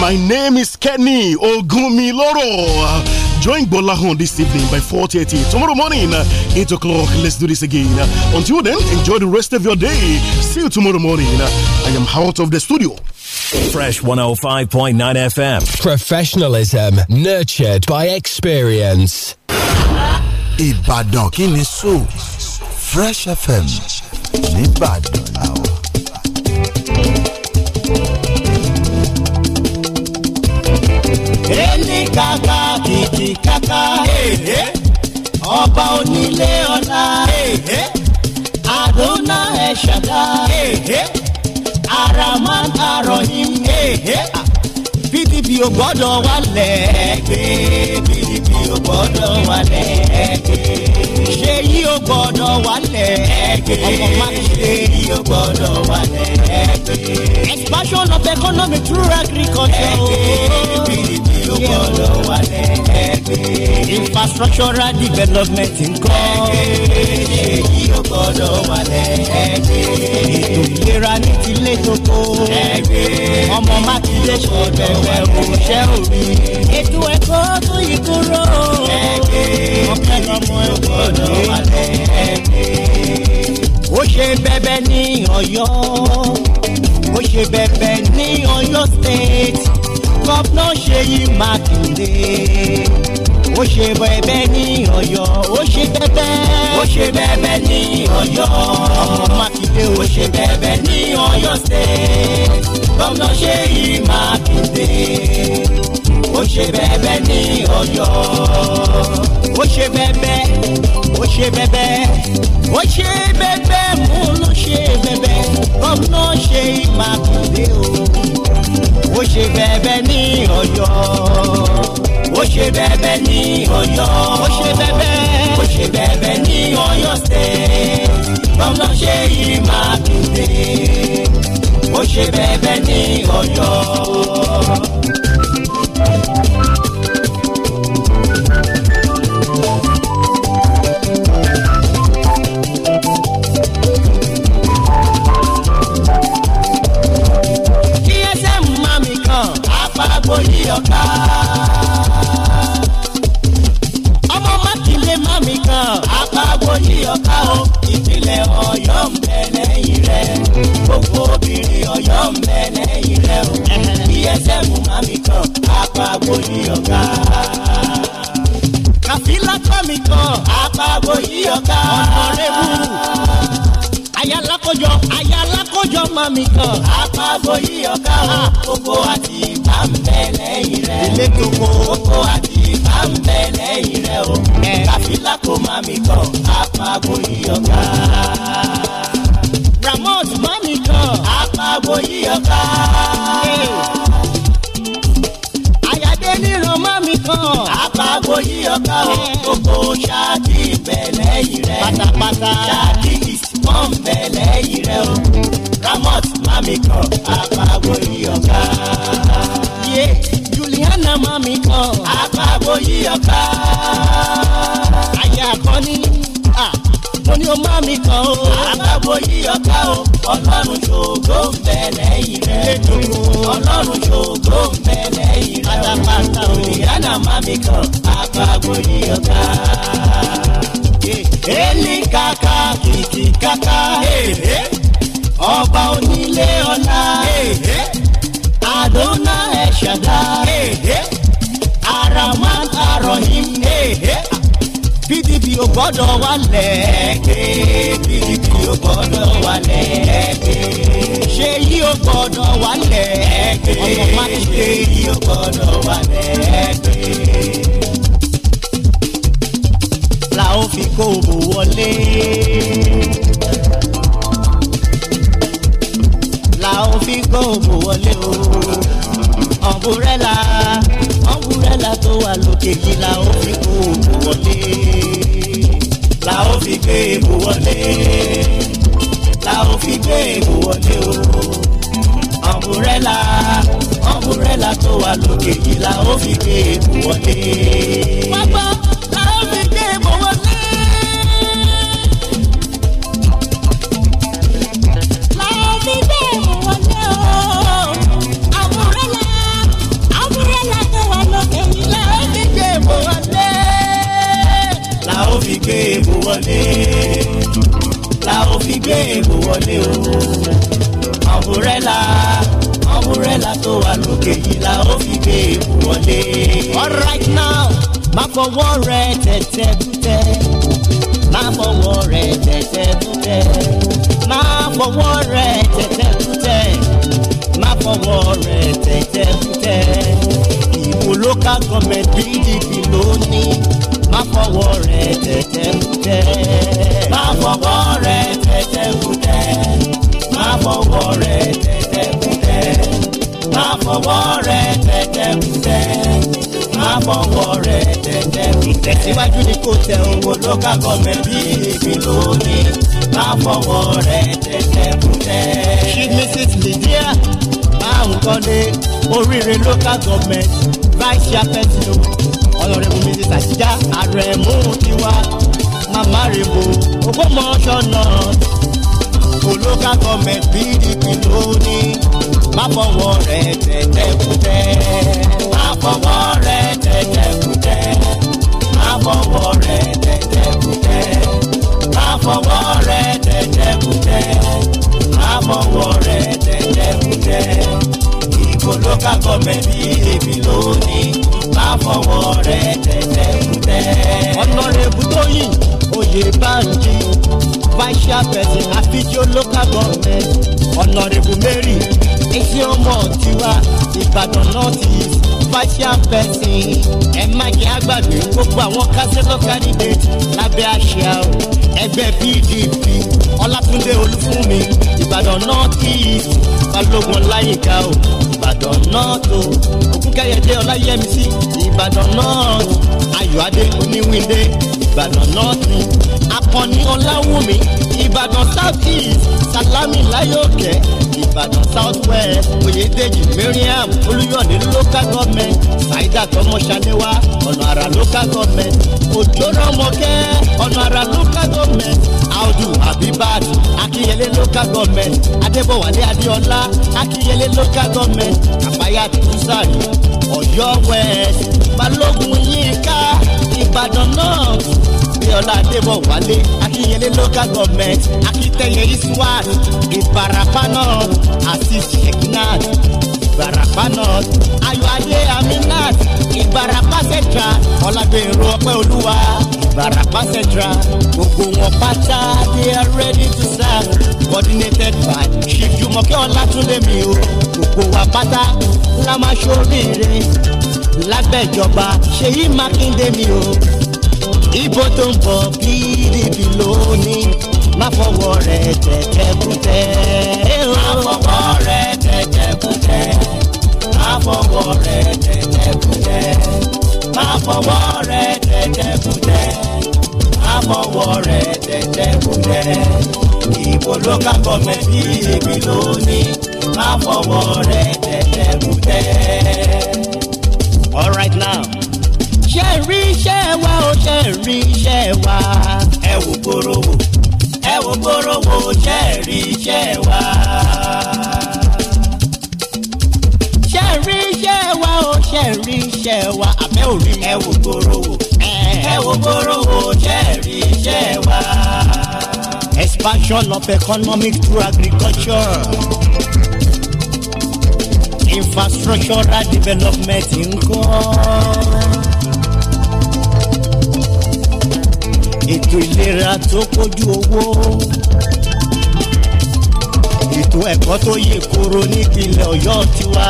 my name is Kenny Ogumiloro. Join Bolahon this evening by 4.30. Tomorrow morning, uh, 8 o'clock, let's do this again. Uh, until then, enjoy the rest of your day. See you tomorrow morning. Uh, I am out of the studio. Fresh 105.9 FM. Professionalism nurtured by experience. Ibadan Kini Fresh FM. Nìbàdàn kìtìkáká kìtìkáká ọba onílé ọlá àdónà ẹ̀ṣàdá araman arohim pdp ò gbọ́dọ̀ wálẹ̀ ẹgbẹ́ pdp ò gbọ́dọ̀ wálẹ̀ ẹgbẹ́ ṣèyí ò gbọ́dọ̀ wálẹ̀ ẹgbẹ́ ọmọ mákindé yìí ò gbọ́dọ̀ wálẹ̀ ẹgbẹ́ expansion of economy through agriculture wálé ẹgbẹ́. infrastructural development ń kọ́. ẹgbẹ́ èyí ò gbọ́dọ̀ wálé ẹgbẹ́. ètò ìlera ní tilé tókó. ẹgbẹ́ ọmọ mákindé ṣọ̀dọ̀ ẹ̀wọ̀n iṣẹ́ òbí. ètò ẹ̀kọ́ tó yí kúrò. ẹgbẹ́ ọmọ ọmọ ò gbọ́dọ̀ wálé ẹgbẹ́. ó ṣe bẹ́bẹ́ ní Ọ̀yọ́ ó ṣe bẹ́bẹ́ ní Ọ̀yọ́ state gọ́fúnà Ṣèyí Mákindé ó ṣe bẹ̀bẹ̀ ní Ọ̀yọ́ ó ṣe bẹ̀bẹ̀ ó ṣe bẹ̀bẹ̀ ní Ọ̀yọ́ ọmọ Mákindé ó ṣe bẹ̀bẹ̀ ní Ọ̀yọ́ ṣe gọ́fúnà Ṣèyí Mákindé ó ṣe bẹ́ẹ̀bẹ́ ní ọ̀yọ́ ó ṣe bẹ́ẹ̀bẹ́ ó ṣe bẹ́ẹ̀bẹ́ ó ṣe bẹ́ẹ̀bẹ́ mú ló ṣe bẹ́ẹ̀bẹ́ gómìnà ṣe ìmàkùnlé o ó ṣe bẹ́ẹ̀bẹ́ ní ọ̀yọ́ ó ṣe bẹ́ẹ̀bẹ́ ní ọ̀yọ́ ó ṣe bẹ́ẹ̀bẹ́ ó ṣe bẹ́ẹ̀bẹ́ ní ọ̀yọ́ state gómìnà ṣe ìmàkùnlé ó ṣe bẹ́ẹ̀bẹ́ ní ọ̀yọ́ ọ̀ká. ọmọ mákindé mami kan apáwo o ìpínlẹ̀ ọ̀yọ́ ń bẹ lẹ́yìn rẹ̀ gbogbo obìnrin ọ̀yọ́ ń bẹ lẹ́yìn. àpapọ̀ yí ọ̀gá. kàfílà tọ́mi kan àpapọ̀ yí ọ̀gá. ọ̀nàrẹ́bù ayálákọjọ ayálákọjọ mami kan. àpapọ̀ yí ọ̀gá kókó àti ìbá ń bẹ lẹ́yìn rẹ̀. ilé tó mọ́. kókó àti ìbá ń bẹ lẹ́yìn rẹ̀ o. kàfílà kó mami kan àpapọ̀ yí ọ̀gá. Ramos mami kan. àpapọ̀ yí ọ̀gá. kàn. àpapọ̀ yí ọkà gbogbo ṣáàtì ìbẹ̀lẹ̀ yìí rẹ̀. pátápátá. ṣáàtì ìsìnkàn bẹ̀lẹ̀ yìí rẹ̀ o. ramot mami kan àpapọ̀ yí ọkà. yé juliana mami kan. àpapọ̀ yí ọkà. àyà kan mo ní o mami kan o ààbò yíyọ ká o ọlọ́run ṣògo ń bẹ lẹ́yìn rẹ̀ ọlọ́run ṣògo ń bẹ lẹ́yìn rẹ̀ pátápátá o ìyáná mami kan àpagbo yíyọ ká. Eli kaka kìkì kaka ọba onílé ọlá Adonai. ò gbọ́dọ̀ wálẹ̀. ẹ̀ẹ́dẹ́ PDP ò gbọ́dọ̀ wálẹ̀. ẹ̀ẹ́dẹ́ ṣe yí ò gbọ́dọ̀ wálẹ̀. ẹ̀ẹ́dẹ́ ọmọ mákindé yí ò gbọ́dọ̀ wálẹ̀. ẹ̀ẹ́dẹ́ la ó fi kó òbò wọlé. la ó fi kó òbò wọlé o. ọ̀bùrẹ́là ọ̀bùrẹ́là tó wà lókè yìí la ó fi kó òbò wọlé la ó fi gbé ìbò wọlé la ó fi gbé ìbò wọlé o ọ̀bùrẹ́là ọ̀bùrẹ́là tó wà lókè yìí la ó fi gbé ìbò wọlé. wọ́n gbé èbò wọlé la ó fi gbé èbò wọlé o ọ̀bùrẹ́là ọ̀bùrẹ́là tó wà lókè yìí la ó fi gbé èbò wọlé. all right now má fọwọ́ rẹ tẹ̀tẹ̀ bútẹ́ má fọwọ́ rẹ tẹ̀tẹ̀ bútẹ́ má fọwọ́ rẹ tẹ̀tẹ̀ bútẹ́ má fọwọ́ rẹ tẹ̀tẹ̀ bútẹ́ ìwò local government pdp ló ní má fọwọ́ rẹ̀ tẹ̀tẹ̀ fútẹ́. má fọwọ́ rẹ̀ tẹ̀tẹ̀ fútẹ́. má fọwọ́ rẹ̀ tẹ̀tẹ̀ fútẹ́. má fọwọ́ rẹ̀ tẹ̀tẹ̀ fútẹ́. má fọwọ́ rẹ̀ tẹ̀tẹ̀ fútẹ́. síwájú ni kò tẹ owó local government bí ìpín lónìí. má fọwọ́ rẹ̀ tẹ̀tẹ̀ fútẹ́. ṣí mrs lydia bá ń kọ́lé oríire local government vice chairperson ọ̀rẹ́bù mi ti sàjíjà àrẹ̀mú tiwa màmá rèbò ògbómọ̀ṣọ́nà olóka gọọmẹ̀ntì PDP lónìí má fọwọ́ rẹ̀ tẹ̀tẹ̀kùtẹ̀ má fọwọ́ rẹ̀ tẹ̀tẹ̀kùtẹ̀ má fọwọ́ rẹ̀ tẹ̀tẹ̀kùtẹ̀ má fọwọ́ rẹ̀ tẹ̀tẹ̀kùtẹ̀. person Afijio local government Honourable Mary Eziomo Tiwa Ìbàdàn North East vice person ẹ má jẹ́ àgbàdo gbogbo àwọn councillor candidate lábẹ́ àṣà o ẹgbẹ́ PDP Ọlátúndé Olúfúnmi Ìbàdàn North East Balógun Láyìnká o Ìbàdàn North o Ògúnkẹ́yẹdé Ọláyẹmísí Ìbàdàn North Ayọ̀adé Oníwíndé Ìbàdàn North ni Akọni Ọláwùmí ìbàdàn south salami láyòkè ìbàdàn south west oyèdèjì mariam olùyọ̀dé local government saida tọmọṣanéwá ọ̀nà àrà local government òjòrọ̀mọkẹ́ ọ̀nà àrà local government audu abibat Akiyele local government adébọ̀wálé adéọlá Akiyele local government àbáyá tùsàrí ọ̀yọ́ west balógun yínká ìbàdàn north. Abíọ́lá Adébọ̀wálé Akínyẹlé local government Akitẹyẹ Iswat Ìbàràpá north Asis Shekinat Ìbàràpá north Ayọ̀adé Aminat Ìbàràpá central Ọlágbèrò Ọpẹ́olúwa Ìbàràpá central gbogbo wọn pátá they are ready to serve coordinated by Chief Jùmọ̀kẹ́ Ọlátúndémi o gbogbo wa pátá la máa ṣoríire lábẹ́jọba Ṣèyí Mákindé mi o ibo tó ń bọ̀ pdp lónìí má rẹ̀ tẹ̀tẹ̀ kútẹ́. má rẹ̀ tẹ̀tẹ̀ kútẹ́. má rẹ̀ tẹ̀tẹ̀ kútẹ́. má rẹ̀ tẹ̀tẹ̀ kútẹ́. má rẹ̀ tẹ̀tẹ̀ kútẹ́. ibo local government pdp lónìí má rẹ̀ tẹ̀tẹ̀ kútẹ́. all right now ṣe rí iṣẹ́ wa ó ṣe rí iṣẹ́ wa. ẹ wò gbòòrò wò ẹ wò gbòòrò wò ṣe rí iṣẹ́ wa. ṣe rí iṣẹ́ wa ó ṣe rí iṣẹ́ wa àbẹ́ òrí mi. ẹ wò gbòòrò wò ẹ wò gbòòrò wò ṣe rí iṣẹ́ wa. expansion of economic through agriculture infrastructural development ń kọ́. ètò ìlera tó kojú owó ètò ẹ̀kọ́ tó yè koro nípìnlẹ̀ Ọ̀yọ́ tiwa.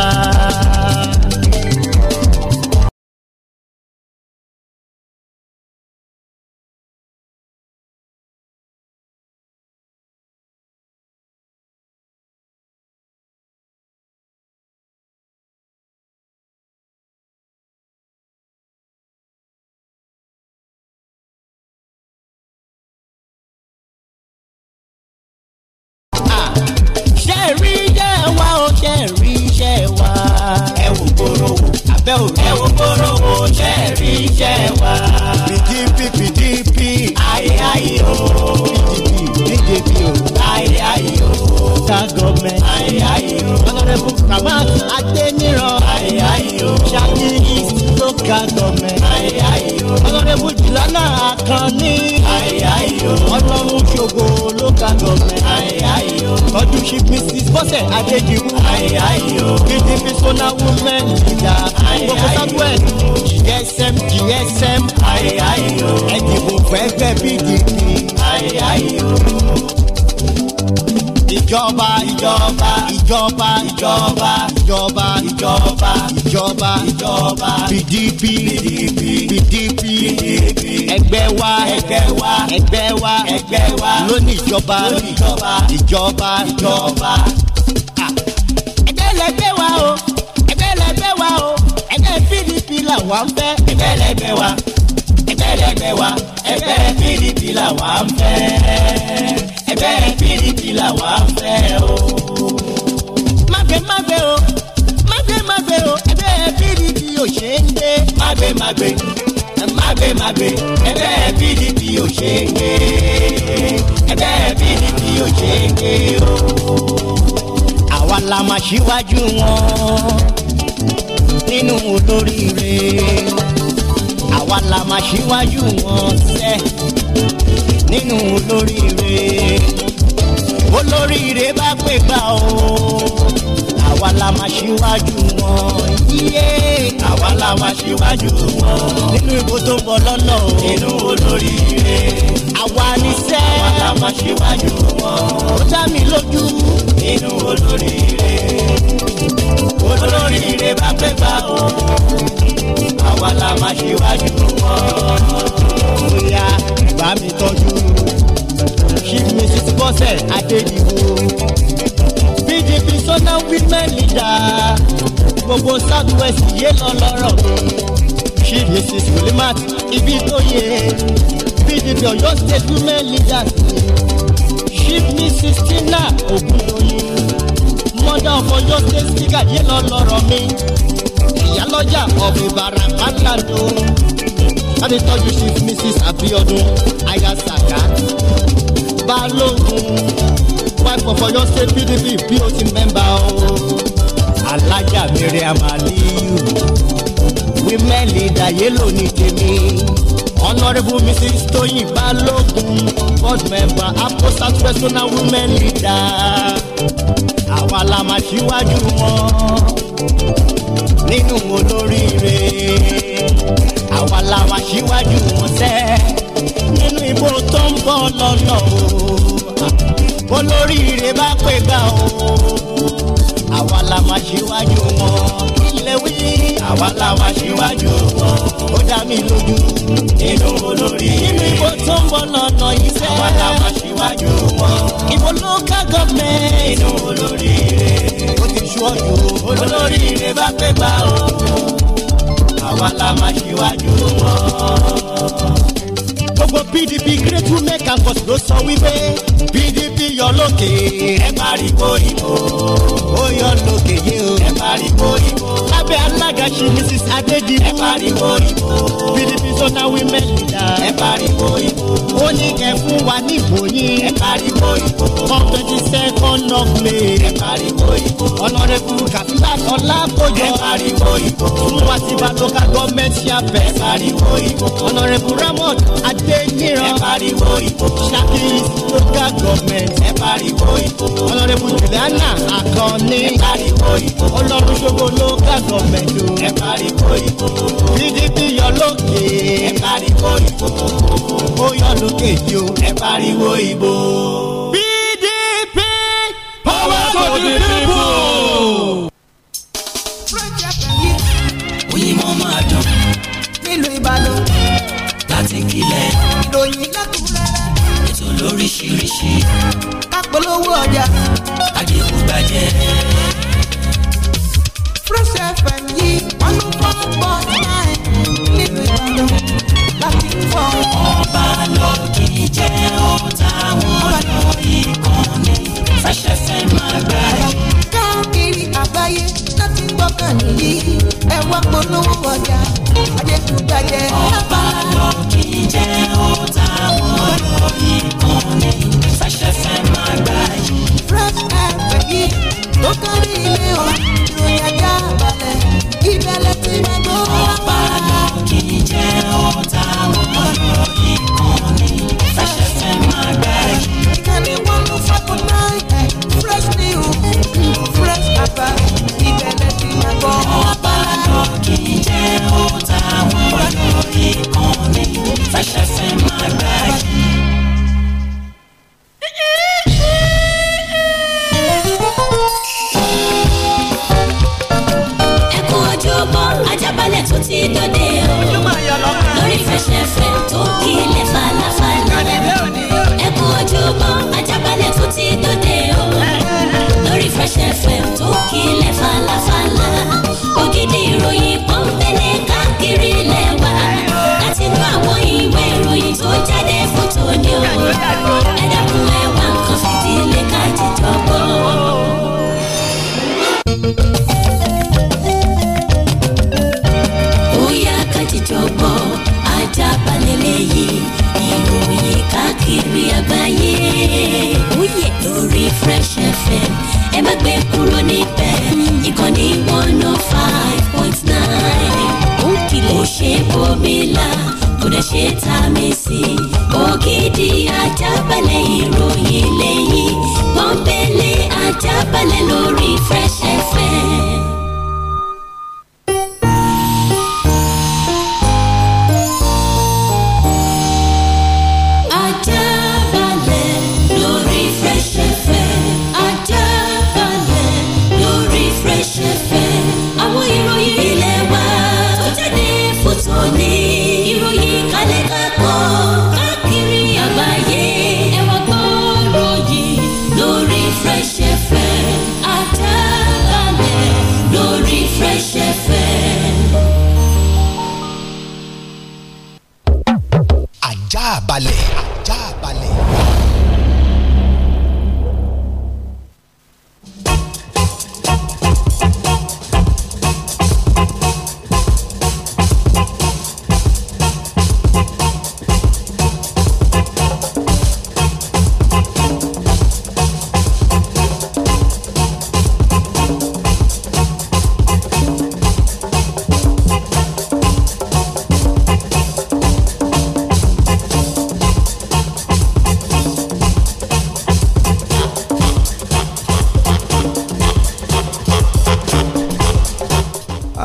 bẹ́ẹ̀ o. ẹ wo kóró wo ṣe rí iṣẹ́ wa. pdp pdp. ayé ayé o. pdp pdp o. ayé ayé o. ta gọọmenti. ayé ayé o. honourable kamal adeniran. ayé ayé o. Ṣakí east local government. ayé ayé o. honourable jìlánà akanni. ayé ayé o. ọlọ́run ṣògo local government. ayé ọdún chief mrs bọ́sẹ̀ adéjìmú. gidi fisona women leader gbogbo southwest gsm gsm oh. ẹ̀dìbò fẹ́fẹ́ pdp ìjọba ìjọba ìjọba ìjọba ìjọba ìjọba ìjọba ìjọba PDP PDP PDP ẹgbẹ́ wa ẹgbẹ́ wa ẹgbẹ́ wa ẹgbẹ́ wa lónìí ìjọba ìjọba ìjọba ìjọba. ẹgbẹ́ lẹgbẹ́ wa o ẹgbẹ́ lẹgbẹ́ wa o ẹgbẹ́ PDP làwọn fẹ́. ẹgbẹ́ lẹgbẹ́ wa ẹgbẹ́ lẹgbẹ́ wa ẹgbẹ́ PDP làwọn fẹ́ ẹgbẹ́ PDP làwa fẹ́ o. magbe magbe o magbe magbe o ẹgbẹ́ PDP ò ṣe ń dé. magbe magbe, magbe magbe, ẹgbẹ́ PDP ò ṣe ń dé ẹgbẹ́ PDP ò ṣe ń dé o. àwa la máa ṣíwájú wọn nínú olóríire àwa la máa ṣíwájú wọn sẹ́ẹ̀ nínú olóríire olóríire bá pè gbà o àwa la máa ṣíwájú wọn yíyé àwa la máa ṣíwájú wọn nínú ìbò tó ń bọ̀ lọ́nà o nínú olóríire àwa níṣẹ́ àwa la máa ṣíwájú wọn ó dá mi lójú nínú olóríire olóríire bá pè gbà o àwa la máa ṣíwájú wọn ó yá bá mi tọ́jú chief mrs bọ́sẹ̀ adédìbò oh. pdp sọ́nà women leader gbogbo south west yé lọ lọ́rọ̀ chief mrs wilimat ibi tó yẹ pdp ọ̀yọ́ state women leader chief mrs tina ah, ogundoyin mother of ọ̀yọ́ state speaker yé lọ lọ́rọ̀ mi ìyálọ́jà ọ̀bùn ìbàràpá làdó adétọ́jú chief mrs abiodun ayasaka balógun wife of Ọ̀yọ́ state pdp poc member o alájà miriam aliyu women leader yellow ní tèmi honourable mrs toyin balógun board member apostat personal women leader àwa la máa ṣíwájú wọn nínú olóríire àwa la máa ṣíwájú òyìnbó tó ń bọ̀ lọ́nà o olóríire bá pè gbà o àwa la máa ṣíwájú wọn ilé wí àwa la máa ṣíwájú wọn ó dá mi lójú nínú olóríire òyìnbó tó ń bọ̀ lọ́nà yìí sẹ́ àwa la máa ṣíwájú wọn ìbò local government nínú olóríire ó ti ṣú ọjọ́ olóríire bá pè gbà o àwa la máa ṣíwájú wọn gbogbo pdp grateful mẹ́ka kò ló sọ wípé pdp yọ lókè ẹ pariwo ìbò ó yọ lókè yìí o ẹ pariwo ìbò lábẹ́ alága ṣe mrs adédìbò ẹ pariwo ìbò pdp sọta women leader ẹ pariwo ìbò ó ní kẹ fún wa ní ìbòyín ẹ pariwo ìbò one twenty second of may ẹ pariwo ìbò ọ̀nàrẹ́bù kàfíńtà kọ́lá kójọ ẹ pariwo ìbò fún wa ti ba abẹ ẹ pariwo ìbò ọ̀nàrẹ́bù ramon adé dé níran. ẹ pariwo ìbò. Ṣakí local government. ẹ pariwo ìbò. ọlọ́rẹ́bù Juliana Akànní. ẹ pariwo ìbò. ọlọ́run ṣogo local government o. ẹ pariwo ìbò. PDP yọ lókè. ẹ pariwo ìbò. ó yọ lókè jù. ẹ pariwo ìbò. PDP power to the people. ìkìlẹ̀. ìròyìn lẹ́kùnrẹ́rẹ́. ètò lóríṣiríṣi. kápolówó ọjà. àdéhùn gbàjẹ́. Fresh FM yìí wọ́n ló fọ́ pọ̀ náà nínú Ìbàdàn láti fọ́. ọba lọ kì í jẹ́ ọ̀tá wọn lọ ìkànnì Fresh FM máa gbà yìí àgbáyé láti gbọ́kàn nìyí ẹ wá polówó ọjà ajẹ́kùgbàjẹ́. ọba lọ kì í jẹ́ ó ta wọ́n.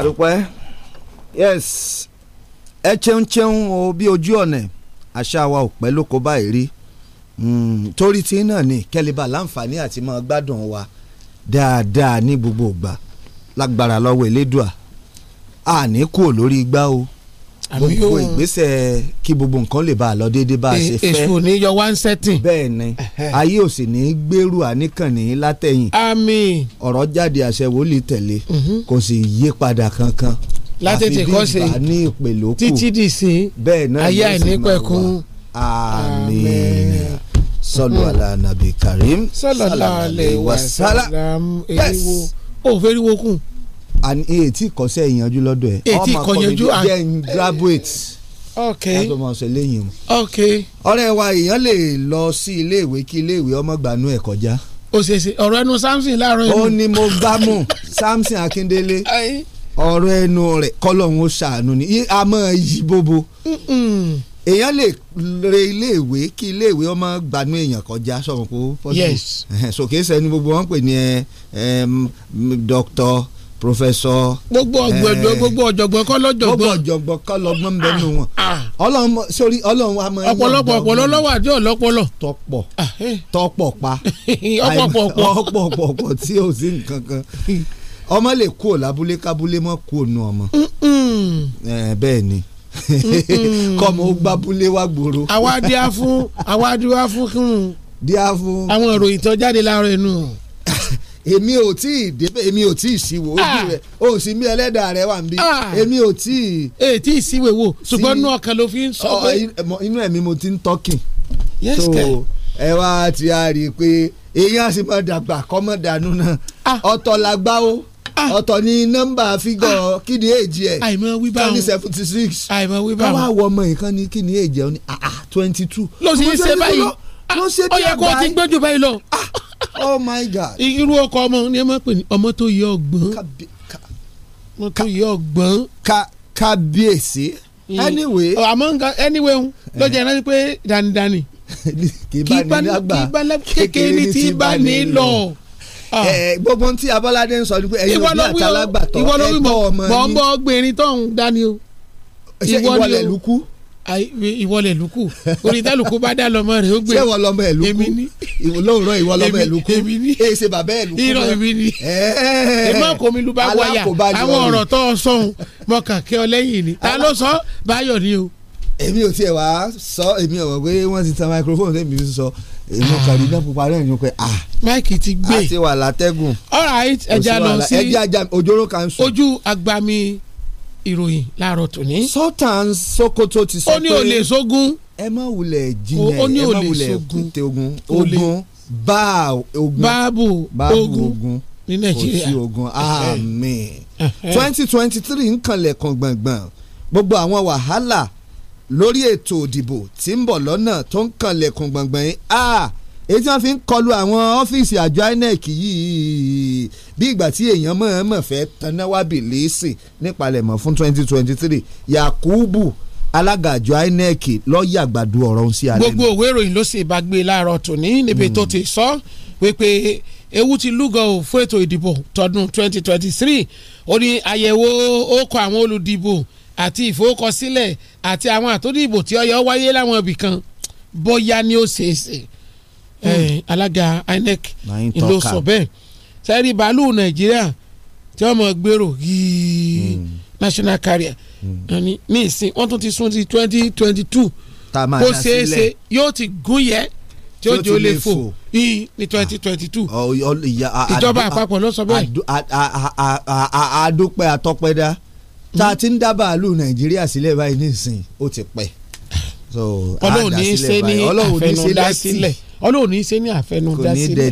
àdúpẹ́ yes ẹ cheun cheun o bí ojú ọ̀nà àṣà wa ò pẹ́ ló kó báyìí rí hmm, torí tí náà ni kẹ́líbà láǹfààní àti máa gbádùn wa dáadáa ní gbogbo ìgbà lágbára lọ́wọ́ elédùà àní kúò lórí igbá o gbogbo ìgbésẹ̀ kí gbogbo nǹkan lè bá a lọ déédéé bá a e- ṣe fẹ́ èṣù ní yọ wá ń sẹ́tìn. bẹ́ẹ̀ ni ayé ò sì ní í gbèrú àníkànnì látẹ̀yìn. àmín. ọ̀rọ̀ jáde àṣẹ wòlíì tẹ̀lé mhm. kò sì yí padà kankan. látẹ̀tì kọ́ ṣe títí dì sí ayé àìnípẹ̀kun. àmín sọlọ mhm. ala nabi karim sọlọ ala alẹ wasala yes. òfin eriwo kù and etí ìkọsẹ̀ ìyanjú lọ́dọ̀ ẹ̀ e. etí ìkọyanjú ọmọ kọ́ni jẹ́ graduate ok látọmọọsẹ lẹ́yìn o ok ọ̀rẹ́ wa èèyàn lè lọ sí iléèwé kí iléèwé ọmọ gbanú ẹ̀ kọjá. òṣèṣe ọ̀rọ̀ ẹnu Samson láàárọ̀ ẹnu. ó ní mo gbámú Samson Akíndélé ọ̀rọ̀ ẹnu rẹ̀ kọ́lọ́hún ó ṣàánú ni àmọ́ yí bóbo èèyàn lè re iléèwé kí iléèwé ọmọ gbanú èèyàn kọjá sọ̀rọ̀ kó. yes sòkè sẹ́ni gbogbo wọn pè ní ẹ eh, eh, dr professor. gbogbo ọ̀jọ̀gbọ́n eh, gbogbo ọ̀jọ̀gbọ́n kọ́ lọ́jọ̀gbọ́n. gbogbo ọ̀jọ̀gbọ́n kọ́ lọ́gbọ́n bẹ nù wọn. Ah, ah. ọlọ́run sórí ọlọ́run wa máa. ọ̀pọ̀lọpọ̀ ọ̀pọ̀lọ lọ́wọ́ àti ọ̀lọ́pọlọ. tọpọ ah, eh. tọpọ pa. ọ̀pọ̀pọ̀pọ̀ ọ̀pọ̀pọ̀pọ̀ tí ò sí nǹkan kan ọmọ lè kú ò lábúlé kábúlé mọ́ kú ònú ọmọ. Eh, bẹ́ẹ̀ ni kọ́mọ ó gbábúlé wá gbòòrò. àwa díá fún àwa díá fún kí n. díá fún. àwọn ìròyìn tó láàárọ̀ inú èmi ò tí ì débẹ̀ èmi ò tí ì síwò ojú ah. rẹ̀ o sì mí ẹlẹ́dàá rẹ̀ wà níbí ah. èmi ò tí ì. èyí tí ì síwò wo ṣùgbọ́n inú ọkàn ló fi ń sọ pé. inú ẹ̀mí mo ti ń tọ́kìn. yes so ẹ wá ti a rí i pé èyí á sì máa dàgbà kọ́mọ́ dànù náà ah. ọ̀tọ̀ la gbá o ọ̀tọ̀ ni nọ́mbà fígọ̀ kíni èjì ẹ̀ twenty seventy six káwá wọ ọmọ ìkan ni kíni èjì ẹ̀ ó ní twenty two. ló sì ń ṣe báyìí ó yẹ kó o ti gbẹ́jọ báyìí lọ oh my god. irú ọkọ ọmọ ni ẹ máa pè ní ọmọ tó yẹ ọgbọ́n ọmọ tó yẹ ọgbọ́n. kábíyèsí. Hmm. anyway. Oh, àmọ́ nǹkan anyway ń lọ́jà iná ni pé danidani. kì í bá ní lágbà kékeré tí í bá ní lọ ah. eh, gbogbo tí Abọ́ládé ń sọ ni pé ẹ̀yin òbí àtàlágbà tọ́ ẹ̀ tọ́ ọmọ yín. ìwọ ló wí mọ̀ bọ́ ń bọ́ gbèrè tó ń dání o. ìwọ lẹ̀ lukú ìwọlẹ̀ lùkù orí tálùkù bá dá lọ́mọ rẹ̀ ó gbé. sẹ́wọ̀n lọ́mọ ẹ̀ lùkù èmi ni. lóòrọ̀ ìwọ lọ́mọ ẹ̀ lùkù èmi ni. èyí ṣe bàbá ẹ̀ lùkù. irọ́ èmi ni. èmi ọkọ mi ló bá wáyà àwọn ọ̀rọ̀ tó sọ̀hún mọ̀kàn kí ọ lẹ́yìn ni ta ló sọ báyọ̀ ni o èmi ò tiẹ̀ wá sọ èmi ò pé wọ́n ti tan microphone tẹ́mi fi sọ èmi ò kàrí iná pupa rẹ̀ yín ah. a. máìkì ti gbé àti wà látẹ́gùn. all right ẹja lọ sí ojú agbami ìròyìn láàárọ̀ tòní. Sultan Sokoto ti sọ pé ó ní olè sógun. ẹ má wulẹ̀ jiyàn ẹ má wulẹ̀ kúte ogun ogun bá ogun báàbù ogun ní Nàìjíríà kò sí ogun àmín twenty twenty three nkanlẹ̀ kan gbọ̀ngbọ̀n gbogbo àwọn wàhálà lórí ètò òdìbò tí ń bọ̀ lọ́nà tó ń kanlẹ̀ kan gbọ̀ngbọ̀n yìí ah! èyí tí wọ́n fi ń kọlu àwọn ọ́fíìsì àjọ INEC yìí bí ìgbà tí èèyàn mọ̀ọ́mọ̀ fẹ́ tanáwábì lẹ́sìn nípalẹ̀mọ́ fún twenty twenty three Yakubu alága àjọ INEC lọ́ọ́yà àgbàdo ọ̀rọ̀ ń sí alẹ́ ní. gbogbo òwe ìròyìn ló sì bá gbé láàárọ̀ tòní níbi tó hmm. ti sọ wípé ewu ti lúgọ ò fún ètò ìdìbò tọdún twenty twenty three ó ní àyẹ̀wò ókọ àwọn olùdìbò àti ìfowókọsílẹ̀ àti àwọn àtòdìbò tí ọyọ́ wáyé láwọn ibì bóyá ni ó ṣeé Eh, hmm. alága INEC ló sọ bẹ́ẹ̀ sẹ́rí bàálù nàìjíríà tí wọ́n mọ̀ gbèrò yìí hmm. national carrier hmm. ní ìsìn wọ́n tún ti sún ti twenty twenty two kó ṣeé ṣe yóò ti gún yẹ tí ó jẹ́ ó lè fò yìí ní twenty twenty two ah, oh, oh, ìjọba àpapọ̀ ló sọ bẹ́ẹ̀. àdúpẹ́ àtọ́pẹ́dá tá a ti ń dá bàálù nàìjíríà sílẹ̀ báyìí nísìnyí ó ti pẹ́. ọlọ́run ní í ṣe ní àfẹnudásílẹ̀ ọlọ́run ní í ṣe ní àfẹnudá sílẹ̀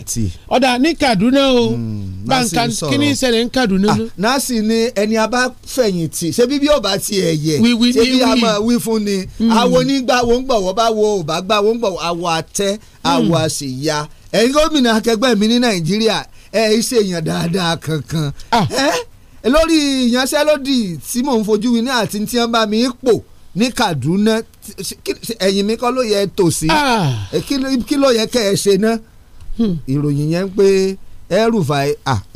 ọ̀dà ní Kaduna o hmm, bàǹkà kíní ìṣẹ̀lẹ̀ ní Kaduna. Ah, násì ni ẹni a bá fẹ̀yìntì ṣé bíbí ò bá ti ẹ̀ yẹ ṣé bí a máa wí fún ni àwo hmm. nígbà wo ń gbọ̀wọ́ bá wo ò bá gbà wo ń gbọ̀wọ́ àwọ̀ àtẹ àwọ̀ àṣìyà ẹ̀yin gómìnà akẹgbẹ́ mi ní Nàìjíríà ẹ̀ ẹ́ ṣèyàn dáadáa kankan ah. lórí ìyanṣẹ́lódì tí mò ń fojú winá àti tí wọ́n bá mi pò ní Kaduna ẹ̀yìn mi kọ́ ló yẹ tòsí ah. kí ló yẹ kẹ́ ẹ ṣe ná hmm. ìròyìn yẹn ń pé El-Rufai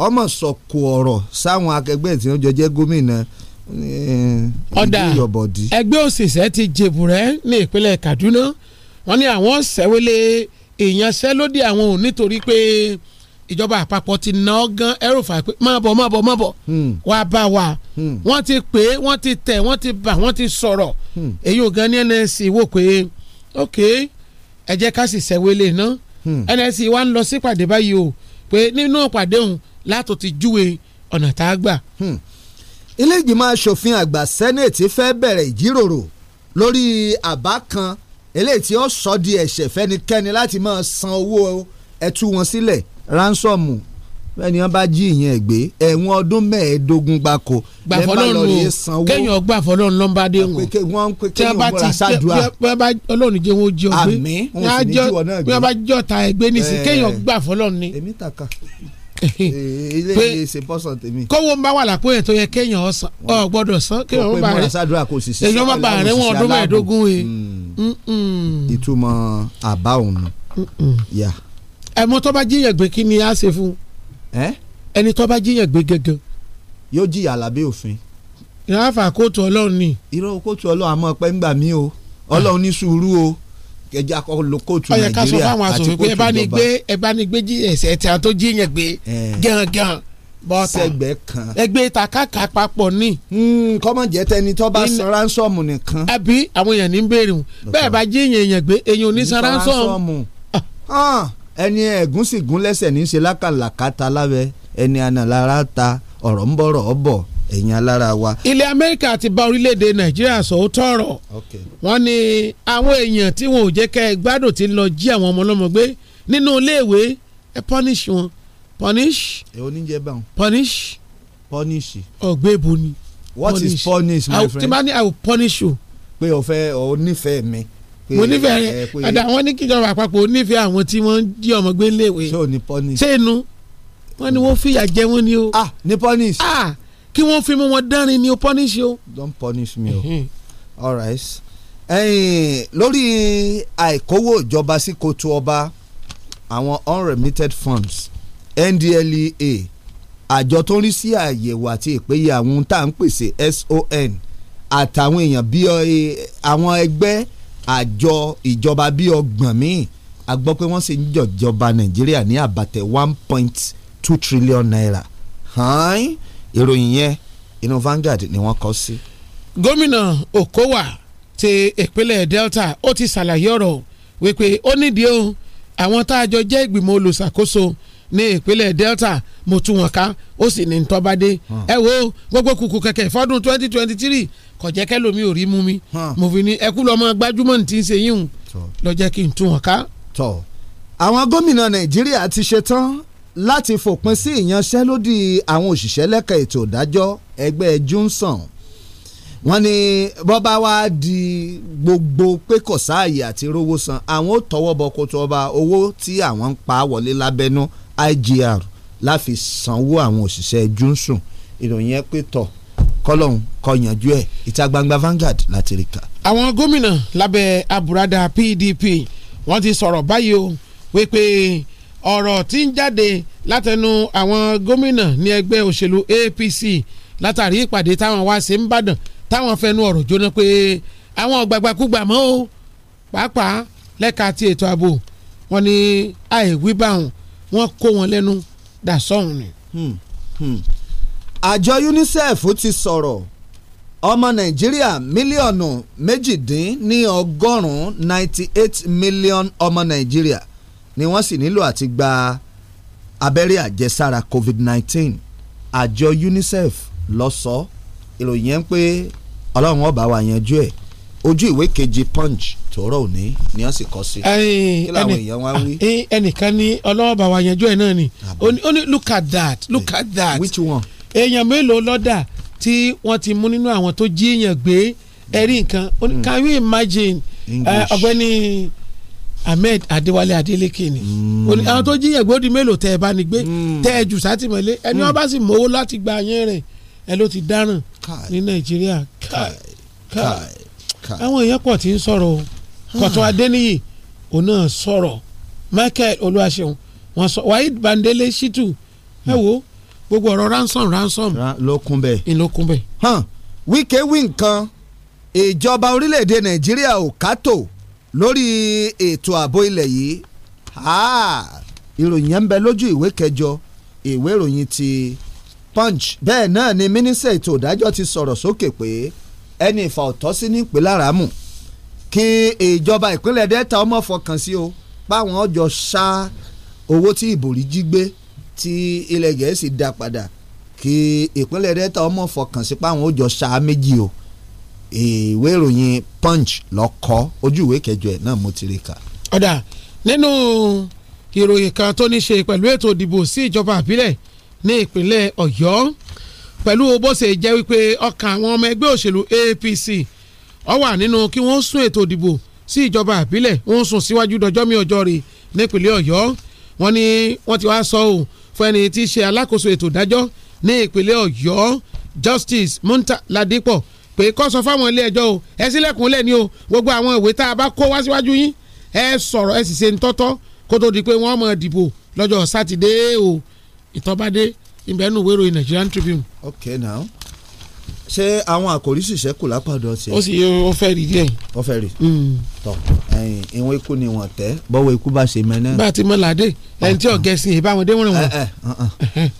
ọmọ sọ̀kò ọ̀rọ̀ sáwọn akẹgbẹ́ tí wọ́n jọ jẹ́ gómìnà eh, ọ̀dà ẹgbẹ́ òṣìṣẹ́ ti jèbùrẹ́ ní ìpínlẹ̀ Kaduna wọ́n ní àwọn ṣẹ́wélé ìyanṣẹ́lódì àwọn ò nítorí pé. Pe ìjọba àpapọ̀ ti ná ọ́ gan ẹrùfà pé má bọ̀ má bọ̀ má bọ̀ hmm. wá bá wa hmm. wọ́n ti pè é wọ́n ti tẹ̀ wọ́n ti bà wọ́n ti sọ̀rọ̀ hmm. èyí ò gan ní NSC wò pé ok ẹ jẹ́ ká sì sẹ́wélé e ná NSC wa ń lọ sí pàdé báyìí o pé nínú pàdé òun látò ti júwe ọ̀nà tá a gbà. ilé ìgbìmọ̀ asòfin àgbà senate fẹ́ bẹ̀rẹ̀ ìjíròrò lórí àbá kan eléyìí tí ó sọ di ẹ̀ṣẹ̀ fẹ́nikẹ́ni láti máa san owó ẹ̀tú wọn sílẹ̀ si ránsọ̀mù ẹni wọn bá jí ìyẹn gbé ẹ̀wọ̀n ọdún mẹ́ẹ̀ẹ́dógún gbáko gbàfọlọ́run o kéèyàn gbàfọlọ́run lọ́nbàdé wọn tí wọn bá ti ọlọ́run jẹ́ wọn jẹ́ ọgbẹ́ bí wọn bá jọ ta ẹgbẹ́ nísìnyí eh. kéèyàn gbàfọlọ́run ni. èmi tàkà eh, eh. ilé ilé ṣe pọ́sọ̀ tèmi. kówó ń bá wà lápò yẹn tó yẹ kéèyàn ọ̀sán ọ̀ gbọ́dọ̀ sán kéèyàn ó bá rẹ̀ èyàn má bá rẹ̀ wọn ọdún mẹ́ẹ̀ẹ́dógún yìí. E. Hmm. ìtumọ̀ àbá òun ẹ̀mọ́ tó bá jíyàn gbé kí ni a ṣe fún un ẹni tó bá jíyàn gbé gẹ́gẹ́. yóò jìyà lábẹ́ òfin. ìráfà kóòtù ọlọ́run ni. irọ́ kóòtù ọlọ́run àmọ́ pẹ́ ń mí o ọlọ́run ní sùúrù o ẹja kọ lo kóòtù nàìjíríà àti kóòtù ìjọba. ọyẹ ká sọ fáwọn asòfin pé ẹ bá ní gbé ẹ bá ní gbé ẹsẹ tí a tó jíyàn gbé gángan bọ́tà sẹ́gbẹ́ kan ẹgbẹ́ takaka papọ̀ ni. Hmm, kọ́mọ jẹ́ tẹni tó bá san ránsọ́ọ̀mù nìkan. àbí àwọn èèyàn ní bẹ́ẹ̀rù bẹ́ẹ̀ bá jíyàn èèyàn gbé èèyàn ò ní san ah ẹni ẹ̀gúnsì gún lẹ́sẹ̀ ní í ṣe lákàlàkàtà lábẹ́ ẹni ànàlára ta ọ̀rọ̀ ń bọ̀rọ̀ ọ bọ̀ ẹ̀yìn alára wa. ilẹ̀ amẹ́ríkà ti bá orílẹ̀-èdè nàìjíríà sọ̀tọ̀ ọ̀rọ̀ wọ́n ní àwọn èèyàn tí wọn ò jẹ́ kẹ́ ẹ gbádùn ti lọ jí àwọn ọmọ ọlọ́mọ gbé nínú iléèwé ẹ punish wọn punish. ẹ oníjẹ bá wọn. punish. punish. ọgbẹ́ bo ni. what punish. is punish my friend. tí bá ní i will punish you. pé o fẹ́ o nífẹ̀ẹ́ mi mo nífẹ̀ẹ́ rẹ ọ̀dà àwọn ní kíjọba àpapọ̀ nífẹ̀ẹ́ àwọn tí wọ́n jí ọmọ gbé léèwé sẹ́nu wọ́n ní wọ́n fìyà jẹ wọ́n ni o. ah ní punish. ah kí wọ́n fi mú wọn dánrin ni o punish o. don't punish me o. Mm-hmm. all right. ẹyin lórí àìkówó ìjọba sí kòtò ọba àwọn unremitted funds NDLEA àjọ tó ń rí sí àyẹ̀wò àti ìpéye àwọn tá à ń pèsè SON àtàwọn èèyàn bíi àwọn ẹgbẹ́ àjọ ìjọba bíi ọgbọ̀n míì a gbọ́ pé wọ́n sì ń jọjọba nàìjíríà ní àbàtẹ̀ one point two trillion naira ìròyìn yẹn inú Vanguard ni wọ́n kọ sí. gómìnà Okowa ti ìpínlẹ̀ Delta ó ti ṣàlàyé ọ̀rọ̀ wípé ó nídìí o àwọn tá a jọ jẹ́ ìgbìmọ̀ olùṣàkóso ní ìpínlẹ̀ Delta mo tú wọn ká ó sì ní ntọ́badé ẹ wo gbogbo kùkù kẹ̀kẹ́ fọ́dún twenty twenty three kọ̀jẹ́kẹ́ lomi ò rí mú mi mo fi ní ẹkú lọ́mọ gbajúmọ̀ ní ti ń ṣe yíhun lọ́jẹ́ kí n tú wọn ká. àwọn gómìnà Nàìjíríà ti ṣetán láti fòpin sí ìyanṣẹ́lódì àwọn òṣìṣẹ́ lẹ́ka ètò ìdájọ́ ẹgbẹ́ Johnson wọ́n ní bọ́ba wa di gbogbo pé kò sáàyè àti rówó san àwọn ò tọwọ́ bọ kótó ọba owó tí àwọn ń pa wọlé lábẹ́nú IGR láfi sanwó àwọn òṣìṣẹ́ Johnson ìròyìn ẹ pé tọ̀ kọlọ́hún kọyànjú ẹ̀ ìta gbangba Vanguard láti rí ka. àwọn gómìnà lábẹ́ àbúradà PDP wọ́n ti sọ̀rọ̀ báyìí o wípé ọ̀rọ̀ tí ń jáde látẹnu àwọn gómìnà ní ẹgbẹ́ òṣèlú APC látàrí ìpàdé táwọn wá sí nìbàdàn táwọn fẹnu ọ̀rọ̀ jóná pé àwọn gbàgbàkúgbà mọ́ o pàápàá lẹ́ka ti ètò ààbò wọn ni àìwí báwọn wọ́n kó wọn lẹ́nu dà sọ́hun ni. Hmm, hmm. àjọ UNICEF ti sọ̀rọ̀ ọmọ nàìjíríà mílíọ̀nù méjìdínní ọgọ́rùn-ún ninety eight million ọmọ nàìjíríà ni wọ́n sì nílò àti gba abẹ́rẹ́ àjẹsára covid nineteen àjọ UNICEF ló sọ ìròyìn yẹn pé ọlọ́run ọba wa yanjú ẹ̀ ojú ìwé kejì punch tòró òní ni wọ́n sì kọ sí. kí ẹnìkan ní ọlọ́wọ́ bá wa yanjú ẹ̀ náà ni ó ní look at that look at that. which one. èèyàn mélòó lọ́dà tí wọ́n ti mú nínú àwọn tó jí èèyàn gbé ẹ̀rí nǹkan hmm. can you imagine ọ̀gbẹ́ni Ahmed Adéwálé Adélékè ni hmm. àwọn tó jíyàn gbòdì mélòó tẹ ẹ bá ní gbé hmm. tẹ ẹ jù sátìmọ́lé ẹni wọn bá sì mówó láti gba yẹn ẹ ló ti dáràn ní Nàìjíríà káì káì àwọn èèyàn pọ̀ tí ń sọ̀rọ̀ o hmm. Kọ̀tún Adéníyì òun náà sọ̀rọ̀ Michael Olúwaṣeun wọn sọ Waheed Bandele Shitu ẹ hmm. wo gbogbo ọ̀rọ̀ ransom ransom ló kún bẹ́ẹ̀ ìlú kún bẹ́ẹ̀. Wike wí nǹkan ìjọba orílẹ̀-èdè Nàìjíríà ò kátó lórí ètò ààbò ilẹ̀ yìí ìròyìn yẹn ń bẹ lójú ìwé kẹjọ ìwé ìròyìn ti Punch bẹ́ẹ̀ náà ni mínísítà ètò ìdájọ́ ti sọ̀rọ̀ sókè pé ẹni ìfà ọ̀tọ́ sí ní ìpínlẹ̀ aramu kí ìjọba ìpínlẹ̀ delta ọmọ fọkàn sí o báwọn ọjọ́ ṣá owó tí ìbòrí jí gbé tí ilẹ̀ gẹ̀ẹ́sì dá padà kí ìpínlẹ̀ delta ọmọ fọkàn sí páwọn ọjọ́ ṣá méjì o ìwé ìròyìn punch lọ́kọ́ ojú ìwé kẹjọ ẹ̀ náà mo ti rí kà. ọ̀dà nínú ìròyìn kan tó ní ṣe pẹ̀lú ètò ìdìbò sí ìjọba àbílẹ̀ ní ìpínlẹ̀ ọ̀yọ́ pẹ̀lú bó ṣe jẹ́ wípé ọkàn àwọn ọmọ ẹgbẹ́ òṣèlú APC ó wà nínú kí wọ́n sún ètò ìdìbò sí ìjọba àbílẹ̀ wọ́n sún síwájú dọjọ́ mi ọjọ́ rè nípínlẹ̀ Ọ̀yọ́ wọ́n ní wọ́n ti wá sọ ò fún ẹni tí í ṣe alákòóso ètò ìdájọ́ ní ìpínlẹ̀ Ọ̀yọ́ Justice Munta Ladipo pé kó sọ fáwọn ilé ẹjọ́ o ẹ sílẹ̀kùnlẹ̀ ni o gbogbo àwọn ìwé tá a bá kó wá síwájú yín ẹ sọ̀rọ̀ ẹ sì ṣe ń tọ́tọ́ kó tó di pé wọ́n mọ̀ dìbò lọ́jọ́ sátidé o ìtọ́badé ìbẹ́nu ìwé ìròyìn Nigerian Tribune. okay now ṣé àwọn àkòrí ṣiṣẹ́ kù lápàdọ̀ ṣe. ó sì yẹ ó fẹ́ rí díẹ̀. ó fẹ́ rí. Hmm. tọ ẹyin ìwọ̀n ikú ni wọ́n tẹ́ bọ́wọ́ ikú bá ṣe mẹ́nẹ́. bá a ti mọ làdé ẹni tí ọ̀gẹ́ sin ìbáwọn dé wọ́n wọn. Eh, eh, eh,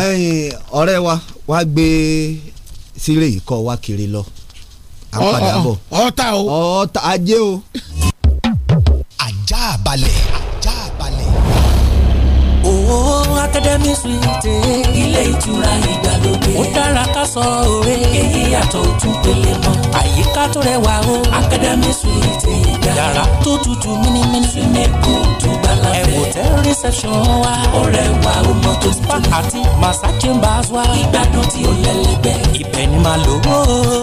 ẹyin ọ̀rẹ́ wa wá gbé sílé yìí kọ́ wá kiri lọ. a padà bọ̀. ọ̀ọ́ta o. ọ̀ọ́ta ajé o. ajá balẹ̀ ajá balẹ̀. owó. Akademi Suite. Ilé ìtura ìgbàlódé. Ó dára ká sọ òwe. Èyí yàtọ̀ ojú pele mọ́. Àyíká tó rẹwà o. Academy Suite ìgbà. Yàrá tó tutù mímímí. Súnmẹ́kù tó gbala fẹ́. Hotel reception wa. Ọ̀rẹ́ wa ó mọ tó tutù. Spa àti Massa Chambers wa. Ìgbádùn tí ó lẹ́lẹ́gbẹ́. Ibẹ̀ ni màá lò ó.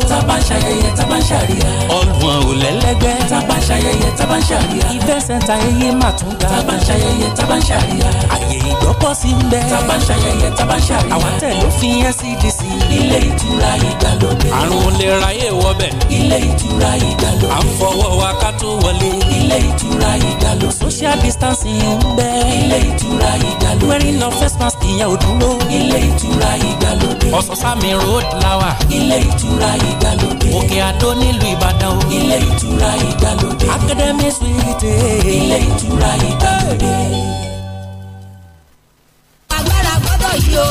Tábà ń ṣayẹyẹ, tábà ń ṣàríyá. Ọ̀gbun ò lẹ́lẹ́gbẹ́. Tábà ń ṣayẹyẹ, tábà ń ṣàríyá. Ìfẹ́ ń bẹ. tábà ń ṣayẹyẹ tábà ń ṣàríyá. àwọn tẹ̀ ló fi NCDC. E ilé ìtura ìdàlódé. àrùn lè ráyè wọbẹ̀. ilé ìtura ìdàlódé. à ń fọwọ́ wa ká tó wọlé. ilé ìtura ìdàlódé. social distancing ń bẹ. ilé ìtura ìdàlódé. wearing of face mask ìyẹn ò dúró. ilé ìtura ìdàlódé. ọ̀sánsámi road lawa. ilé ìtura ìdàlódé. òkè àdó nílùú ìbàdàn o. ilé ìtura ìdàlódé. academy suite. ilé ìtura ìdàlódé yìí o.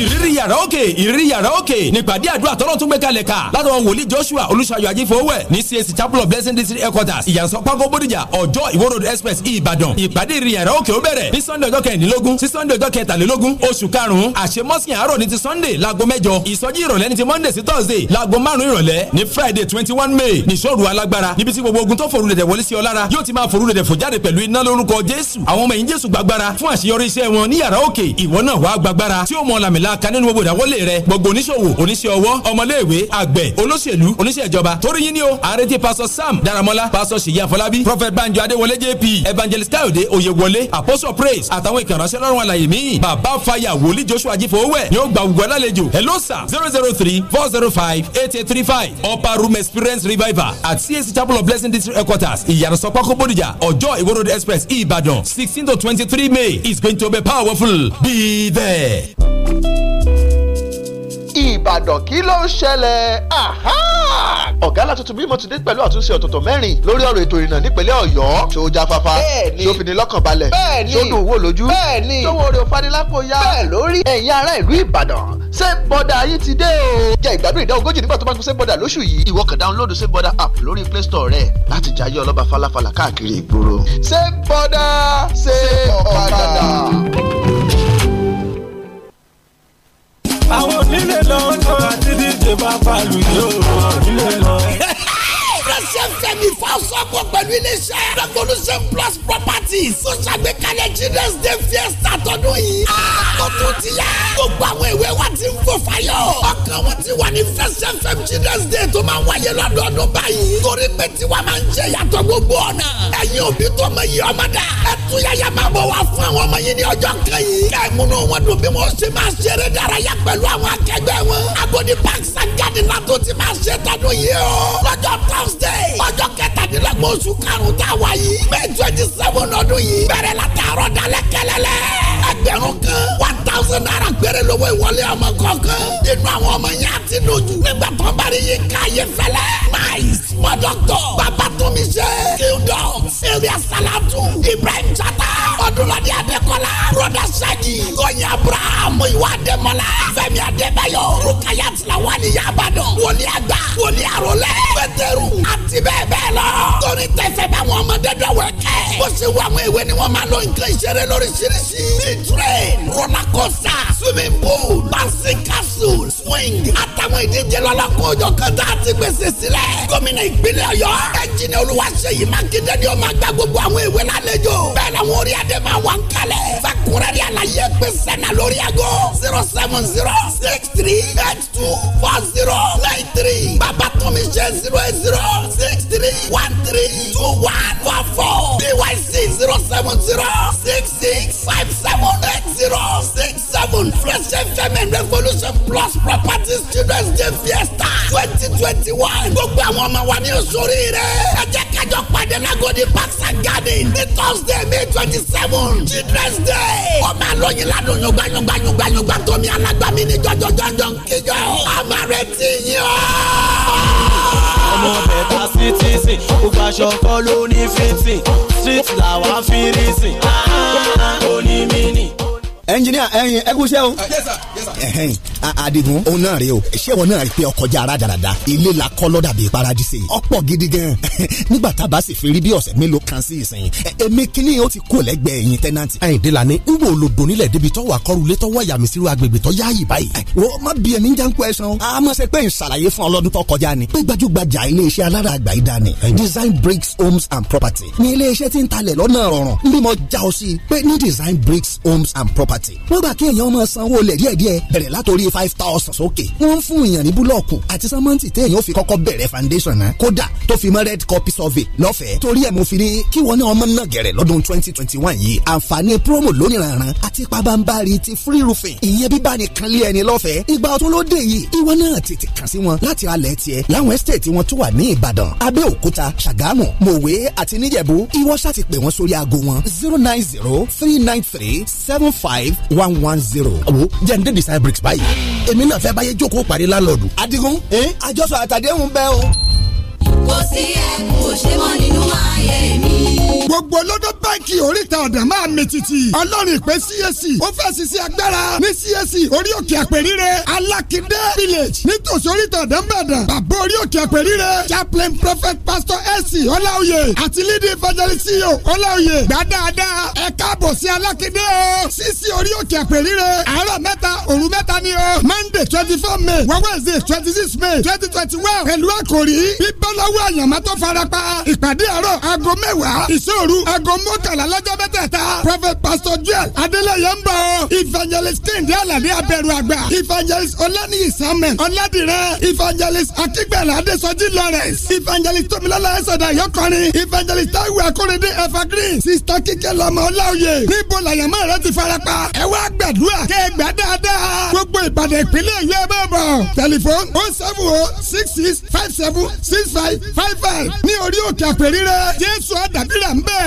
ìrírí yàrá òkè ìrírí yàrá òkè nípàdé àdúrà tọ́lọ́ tún gbé kalẹ̀ ká látọ̀ wòlíì Joshua olùṣàyọ̀ àjífowówẹ̀ ní CAC chapel of blessing district headquarters ìyànsọ́ pákó bódìjà ọjọ́ ìwó road express Ìbàdàn ìpàdé ìrírí yàrá òkè ó bẹ̀rẹ̀ ní Sunday ọjọ́ kẹrìndínlógún sí Sunday ọjọ́ kẹtàlélógún oṣù karùn-ún àṣemọ́sìn àárọ̀ ní ti Sunday láago mẹ́jọ ìsọjí ìrọ̀lẹ́ ní ti Monday sí Thursday láago márùn-ún ìrọ̀lẹ́ ní Friday twenty one May ní sọ́ọ̀rù alágbára níbi tí gbogbo ogun tó forúlẹ̀dẹ̀ wọlé sí ọ lára yóò ti máa forúlẹ̀dẹ̀ fòjáde pẹ̀lú iná lórúkọ Jésù àwọn ọmọ ẹ̀yìn Jésù n náà wàá gbagbára tí ó mọ làmìlà ka nínú gbogbo ìdáwọlé rẹ gbogbo oníṣòwò oníṣẹ́ ọwọ́ ọmọléèwé àgbẹ̀ olóṣèlú oníṣẹ́ ìjọba torí yín ni o àrètí pásọ sam daramọlá pásọ ṣèyí àfọlábí prophet banjo adéwọlé jp evangelist káyọ̀dé oyèwọlé apostle praise àtàwọn ìkànnàṣẹ́ lọ́rùn àlàyé míì bàbá fàyà wòlí joshua jífowówẹ̀ ni ó gba ògùn alálejò sir. zero zero three four zero five eight eight three five upper room experience Reviver at cac chapel of blessing district headquarters ìyàrá-sọpákó bòdìjà ọjọ́ ìwó road express ìbàdàn sixteen to twenty-three may is going to be powerful bíi rí bẹ́ẹ̀. Ìbàdàn kí ló ń ṣẹlẹ̀ ọ̀gá alátuntun bímọ ti dé pẹ̀lú àtúnṣe ọ̀tọ̀tọ̀ mẹ́rin lórí ọ̀rọ̀ ètò ìrìnnà nípínlẹ̀ Ọ̀yọ́ tó jáfáfá tó fi ní lọ́kàn balẹ̀ tó dùn wò lójú tó wo orí òfanilápò ya bẹ́ẹ̀ lórí ẹ̀yin ará ìlú Ìbàdàn ṣé bọ́dà yìí ti dé o. jẹ́ ìgbádùn ìdá ogójì nígbà tó bá ń ṣe bọ́dà lóṣù yìí ìwọ kàn dáńlódù ṣé bọ́dà app lórí play store rẹ láti jayé ọlọ́ba falafala káàkiri ìgboro. ṣé bọ́dà ṣé ọ̀kadà. ṣe bá bàlù yìí ó nílé lọ sẹ́fẹ̀mí fásọ́gbọ̀ pẹ̀lú iléeṣẹ́ revolution plus properties tó ṣàgbékalẹ̀ children's day fiesta tọdún yìí. ó tún ti yá. gbogbo àwọn ìwé wa ti ń fò fáyọ̀. ọkàn wọn ti wà ní fresh fm children's day tó máa wáyé lọ́dọọdún báyìí. torí pé tiwa máa ń jẹ yàtọ̀ gbogbo ọ̀nà. ẹ̀yin òbí tó mọ iye ọmọ dà. ẹ tún máa bọ̀ wá fún àwọn ọmọ yìí ní ọjọ́ kan yìí. ẹ múnú wọn dùn bí mo ṣe máa ṣeré dárayá pẹ̀lú àwọn akẹgbẹ́ sunday ọjọ́ kẹtàdínlọ́gbọ̀n oṣù karùn-ún tá a wà yìí may twenty seven ọdún yìí bẹ̀rẹ̀ la tààrọ̀ dalẹ̀ kẹlẹ́lẹ́ ẹgbẹ̀rún kan one thousand naira gbére lówó ìwọlé ọmọ kọ̀ọ̀kan nínú àwọn ọmọ yẹn àti lójú nígbà tó ń bá rí yín ká yé fẹ́lẹ́ máa yìí mọ dọ́kítọ̀ bàbá tó mi ṣe kildom area salatu ibrahim chata ọdúnlọ́dẹ adékọ́lá broda ṣáàjì gọ́yìn abraham ìwà àdèmọ́lá fẹ́mi adébáyọ̀ rukaya tilawa ní yabadan wòlíì àgbà wòlíì àròlẹ̀ pétérù àti bẹ́ẹ̀ bẹ́ẹ̀ lọ. torí tẹ̀sẹ̀ bá wọn ọmọdé dọ̀wẹ́ kẹ́. bó ṣe wà àwọn ìwé ni wọ́n máa lọ nǹkan ìṣeré lóríṣiríṣi. bíi train roller coaster swimming pool bouncing castle swing àtàwọn ìdíje lọ́lọ́kọ̀ọ́jọ̀ kan tá a ti pèsè sílẹ̀. gómìnà ìpínlẹ̀ ọ̀yọ́ ẹnjìnì olúwaṣeyì mákindé ni ó máa gba gbogbo àwọn ìwé lálejò bẹ́ẹ̀ làwọn orí adé máa wà ń kalẹ̀ fakurẹ́rì àlàyé pé sẹ́nà lórí ago zero seven zero six three eight two four zero nine three bàbá tómi ṣe zero eight zero six three one three two one four four byc zero seven zero six six five seven eight zero six seven fresh fm and revolution plus properties children's day fiesta twenty twenty one gbogbo àwọn ọmọ wa ni o sori rẹ. ẹ jẹ́ kájọ pàdé lágodi parks and garden ní thursday may twenty seven children's day. ó máa lóyin ládùn yọgbà yọgbà yọgbà yọgbà tómi alágbàmí ní jọjọjọjọ kíjọ. a máa retí yín o ọmọ bẹ̀ta citizen gbogbo aṣọ kọ́ ló ní fitting street làwa fi rí sìn. ó ní mí nì. ẹnjìníà ẹyin ẹkú iṣẹ́ o adigun òun náà rèé o ṣé ìwọ náà rí pé ọkọ̀ já ara dáradára ilé la kọ́ lọ́dà bíi paradise ọ̀pọ̀ gidi gan nígbà tá a bá sì fi rí bí ọ̀sẹ̀ mélòó kan sí ìsìn èmi kíní ó ti kú lẹ́gbẹ̀ẹ́ yín tẹ́nanti. àyìndé la ni n wò ló dùn nílẹ̀ débi tọ́wọ́ akọ́rùlé tọ́wọ́ àyàmì sírú agbègbè tọ́ yá yìí báyìí. wọ́n má bí ẹni jáǹkú ẹ̀sán. a máa ṣe pé ìṣàlàyé fún ọlọ́dún tó kọjá ni. pé gbajúgbajà iléeṣẹ́ alára àgbà yìí design bricks homes and property. ní iléeṣẹ́ tí ń talẹ̀ lọ́nà rọrùn. bí mo já ọ design bricks homes and property. wọ́n gbà kí èèyàn máa sanwó lẹ̀ díẹ̀díẹ̀ yẹ bẹ̀rẹ̀ látòrí five thousand sókè wọ́n ń fún èèyàn ní búlọ̀kù àti sẹ́mọ́ǹtì téèyàn ó fi kọ́kọ́ bẹ̀rẹ̀ foundation náà kódà tó fi mọ́ red copy survey lọ́fẹ̀ẹ́ torí ẹ̀ mo fi ní kí wọ́n ní ọmọ náà gẹ̀rẹ̀ lọ́dún twenty twenty one yìí àǹfààní promo lóníranran àti pabambari ti free roofing ìyẹn bíbá ni kan lé ẹni lọ́fẹ̀ẹ́ ìgbà ọ̀tún ló dé yìí ìwọ náà tètè kàn sí wọn láti alẹ̀ tiẹ̀ láwọn estate wọn tó wà ní Ìbàdàn Abẹ́òkúta Ṣàgámù Mòwe àti Níjẹ̀bú ìwọ ṣàti pè wọ́n sórí aago wọn zero nine zero three nine three seven five one one zero. àwo jẹ́ ń design bricks báyìí èmi náà fẹ́ báyé jókòó parí lánàá dùn. adigun àjọsọ àtàdéhùn bẹ́ẹ̀ o kò sí ẹkùn òṣèmọ́ nínú ayé mi. gbogbo olódó báńkì oríta ọ̀dà máa mi tìtì ọlọ́run ìpè CAC ó fèsì sí agbára ní CAC orí òkè àpèrire alákindé village nítòsí oríta ọ̀dà mbàdàn bàbá orí òkè àpèrire chaplain prophet pastor sc ọláòye àti leading evangelist ceo ọláòye gbàdáadáa ẹ káàbọ̀ sí alákindé o sísí orí òkè àpèrire àárọ̀ mẹ́ta òru mẹ́ta ni o monday twenty four may wednesday twenty six may twenty twenty one pẹ̀lú àkòrí bíbélọ́wọ́ àyànmọ́ tó farapa ìpàdé àárọ̀ aago mẹ́wàá ìṣòro aago mọ́kànlá lọ́jọ́ mẹ́tẹ̀ẹ̀ta prophet pastor joel adélẹ́yẹ ń bọ̀ evangelist kéde aládé abẹ́rù àgbà evangelist ọlẹ́niyì samuel ọládìrẹ́ evangelist akígbẹ̀lẹ̀ adésọjí lawrence evangelist tómilọ́lá ẹ̀sọ̀dà yọkọrin evangelist táwọn akóredé ẹ̀fà green sista kíkẹ́ lọ́mọ ọláòye níbo làyànmọ́ rẹ ti farapa ẹ wá gbàdúrà kẹ́ ẹ gbà dáadáa gbogbo ìbàdàn ìpínlẹ̀ yóò bọ̀ tẹlifon oh seven oh six five five ní orí òkè àpèrírẹ jésù àdàbírà ń bẹ.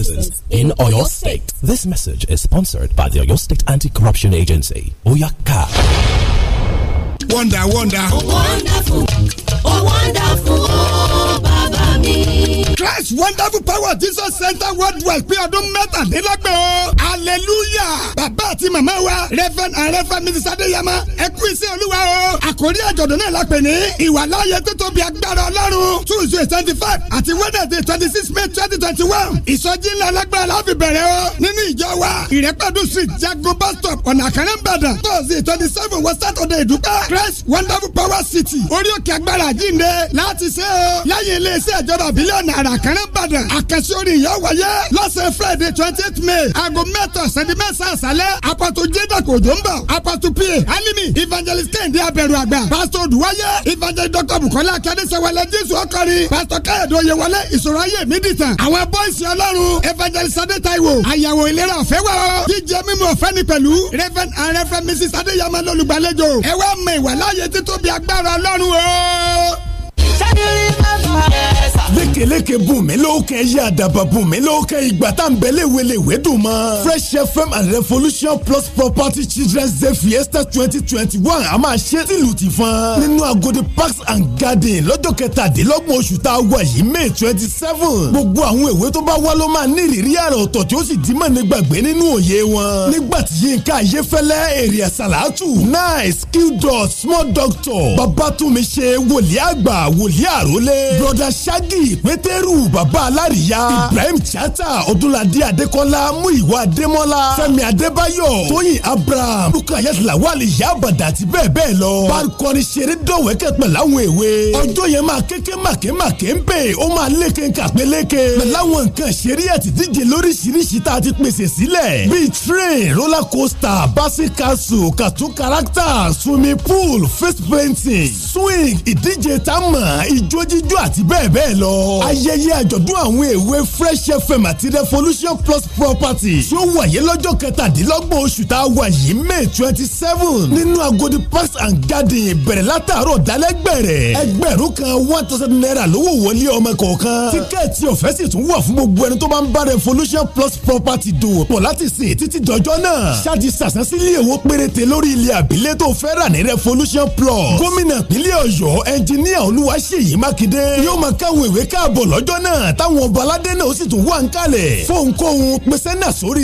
citizens in Oyo State. This message is sponsored by the Oyo State Anti-Corruption Agency, Oyaka. Wonder, wonder. Oh, wonderful. Oh, wonderful. Oh, Baba mi. Christ Wonderful Power Jesus Center Worldwide pé ọdún mẹ́tàdínlọ́gbọ̀n o. Hallelujah! Bàbá àti màmá wa Reverend and Reverend Mrs. Adéyẹmọ ẹ kú iṣẹ́ Olúwa o. Àkórí àjọ̀dún náà la pè ní ìwàláyé títóbi agbára Ọlọ́run Tuesday twenty five àti Wednesday twenty six May twenty twenty one. Ìsọjí ńlá lágbára la fi bẹ̀rẹ̀ o. Nínú ìjọ wa Ìrẹ́pẹ̀dù Street Jago bus stop ọ̀nà àkàrẹ́ Ìbàdàn Thursday twenty seven wọ Saturday Ìdúpẹ́ Christ Wonderful Power City orí òkè agbára àjíǹde láti ṣe o. Lẹ́yìn ilé iṣẹ́ ìjọba bílíọ̀nù àrà àkàrà ìbàdàn àkànṣe orin ìyá wáyé lọ́sẹ̀ friday twenty eight may aago mẹ́ta sẹ́ni mẹ́sàn-án àṣálẹ́ apàtó jẹ́dàkọ̀ òjò ń bọ̀ apàtó pa alimi evangelist kẹ́hìndé abẹ́rù àgbà pastor duwaye evangelist dr bukola akadésẹwẹlẹ jésù ọkọrin pastor káyọ̀dé oyewọlé ìṣòro ayé mi dìtàn àwọn bọ́ìsì ọlọ́run evangelist adé taiwo àyàwó ìlera ọ̀fẹ́ wà ó jíjẹ mímu ọ̀fẹ́ ni pẹ̀lú reverend and reverend mrs adéyẹmọ lọ́lùgbàlejò ẹ wá mọ ìwà láàyè títóbi agbára ọlọ́run o lékeleke bùnmi lókè yé àdàbà bùnmi lókè ìgbà tá n bẹ̀lẹ̀ wele ìwédùn mọ́. fresh fm and revolution plus property children's day fiesta twenty twenty one a máa ṣe tìlù ti fún. nínú agodi parks and garden lọ́jọ́ kẹtàdínlọ́gbọ̀n oṣù tá a wà yìí may twenty seven. gbogbo àwọn èwe tó bá wá ló máa ní ìrírí àrà ọ̀tọ̀ tí ó sì dì mọ́ ní gbàgbé nínú òye wọn. nígbà tí yínká ayéfẹ́lẹ́ èrè àsàlátù nice skill dot small doctor babatunmi ṣe wòlíàgbà wòlíì àrólé broda shaggy pétérù bàbá alárìíyá ibrahim chata ọdúnladé adékọ́lá múyìwá adémọ́lá fẹ́mi adébáyọ̀ tóyìn abraham lukaya lawal yabada àti bẹ́ẹ̀ bẹ́ẹ̀ lọ barikọrin ṣeré dọ̀wẹ́kẹ̀ pẹ̀lú àwọn èwe ọjọ́ yẹn máa kéke màkè màkè ń bè ó máa léke kàpé léke pẹ̀lú nǹkan ṣeré àti díje lóríṣiríṣi tá a ti pèsè sílẹ̀ bíi train roller coaster basi castle cartoon character swimming pool face painting swing ìdíje táwọn mọ̀ọ́mọ̀ ijó jíjó àti bẹ́ẹ̀ bẹ́ẹ̀ lọ. ayẹyẹ àjọ̀dún àwọn èwe fresh fm àti revolution plus property tí ó wáyé lọ́jọ́ kẹtàdínlọ́gbọ̀n oṣù tá a wà yìí may twenty seven nínú agodi parks and garden bẹ̀rẹ̀ látàárọ̀ dálẹ́ gbẹ̀rẹ̀ ẹgbẹ̀rún kan one thousand naira lówó wọlé ọmọ kọ̀ọ̀kan tíkẹ́ẹ̀tì ọ̀fẹ́ sì tún wà fún gbogbo ẹni tó bá ń bá revolution plus property dòwò pọ̀ láti sìn títí dọjọ́ náà ṣáàjì sàsán sílé èwo péréte lórí ilẹ̀ àbílẹ̀ tó fẹ́ rà ní revolution plus gómìnà ìpínlẹ̀ ọ̀yọ́ ẹnjìníà olú olúwaṣeyì mákindé yóò máa káwọn ìwé káàbọ̀ lọ́jọ́ náà táwọn ọba aládé náà ó sì tún wà ń kalẹ̀ fóònkóhun pèsè náà sórí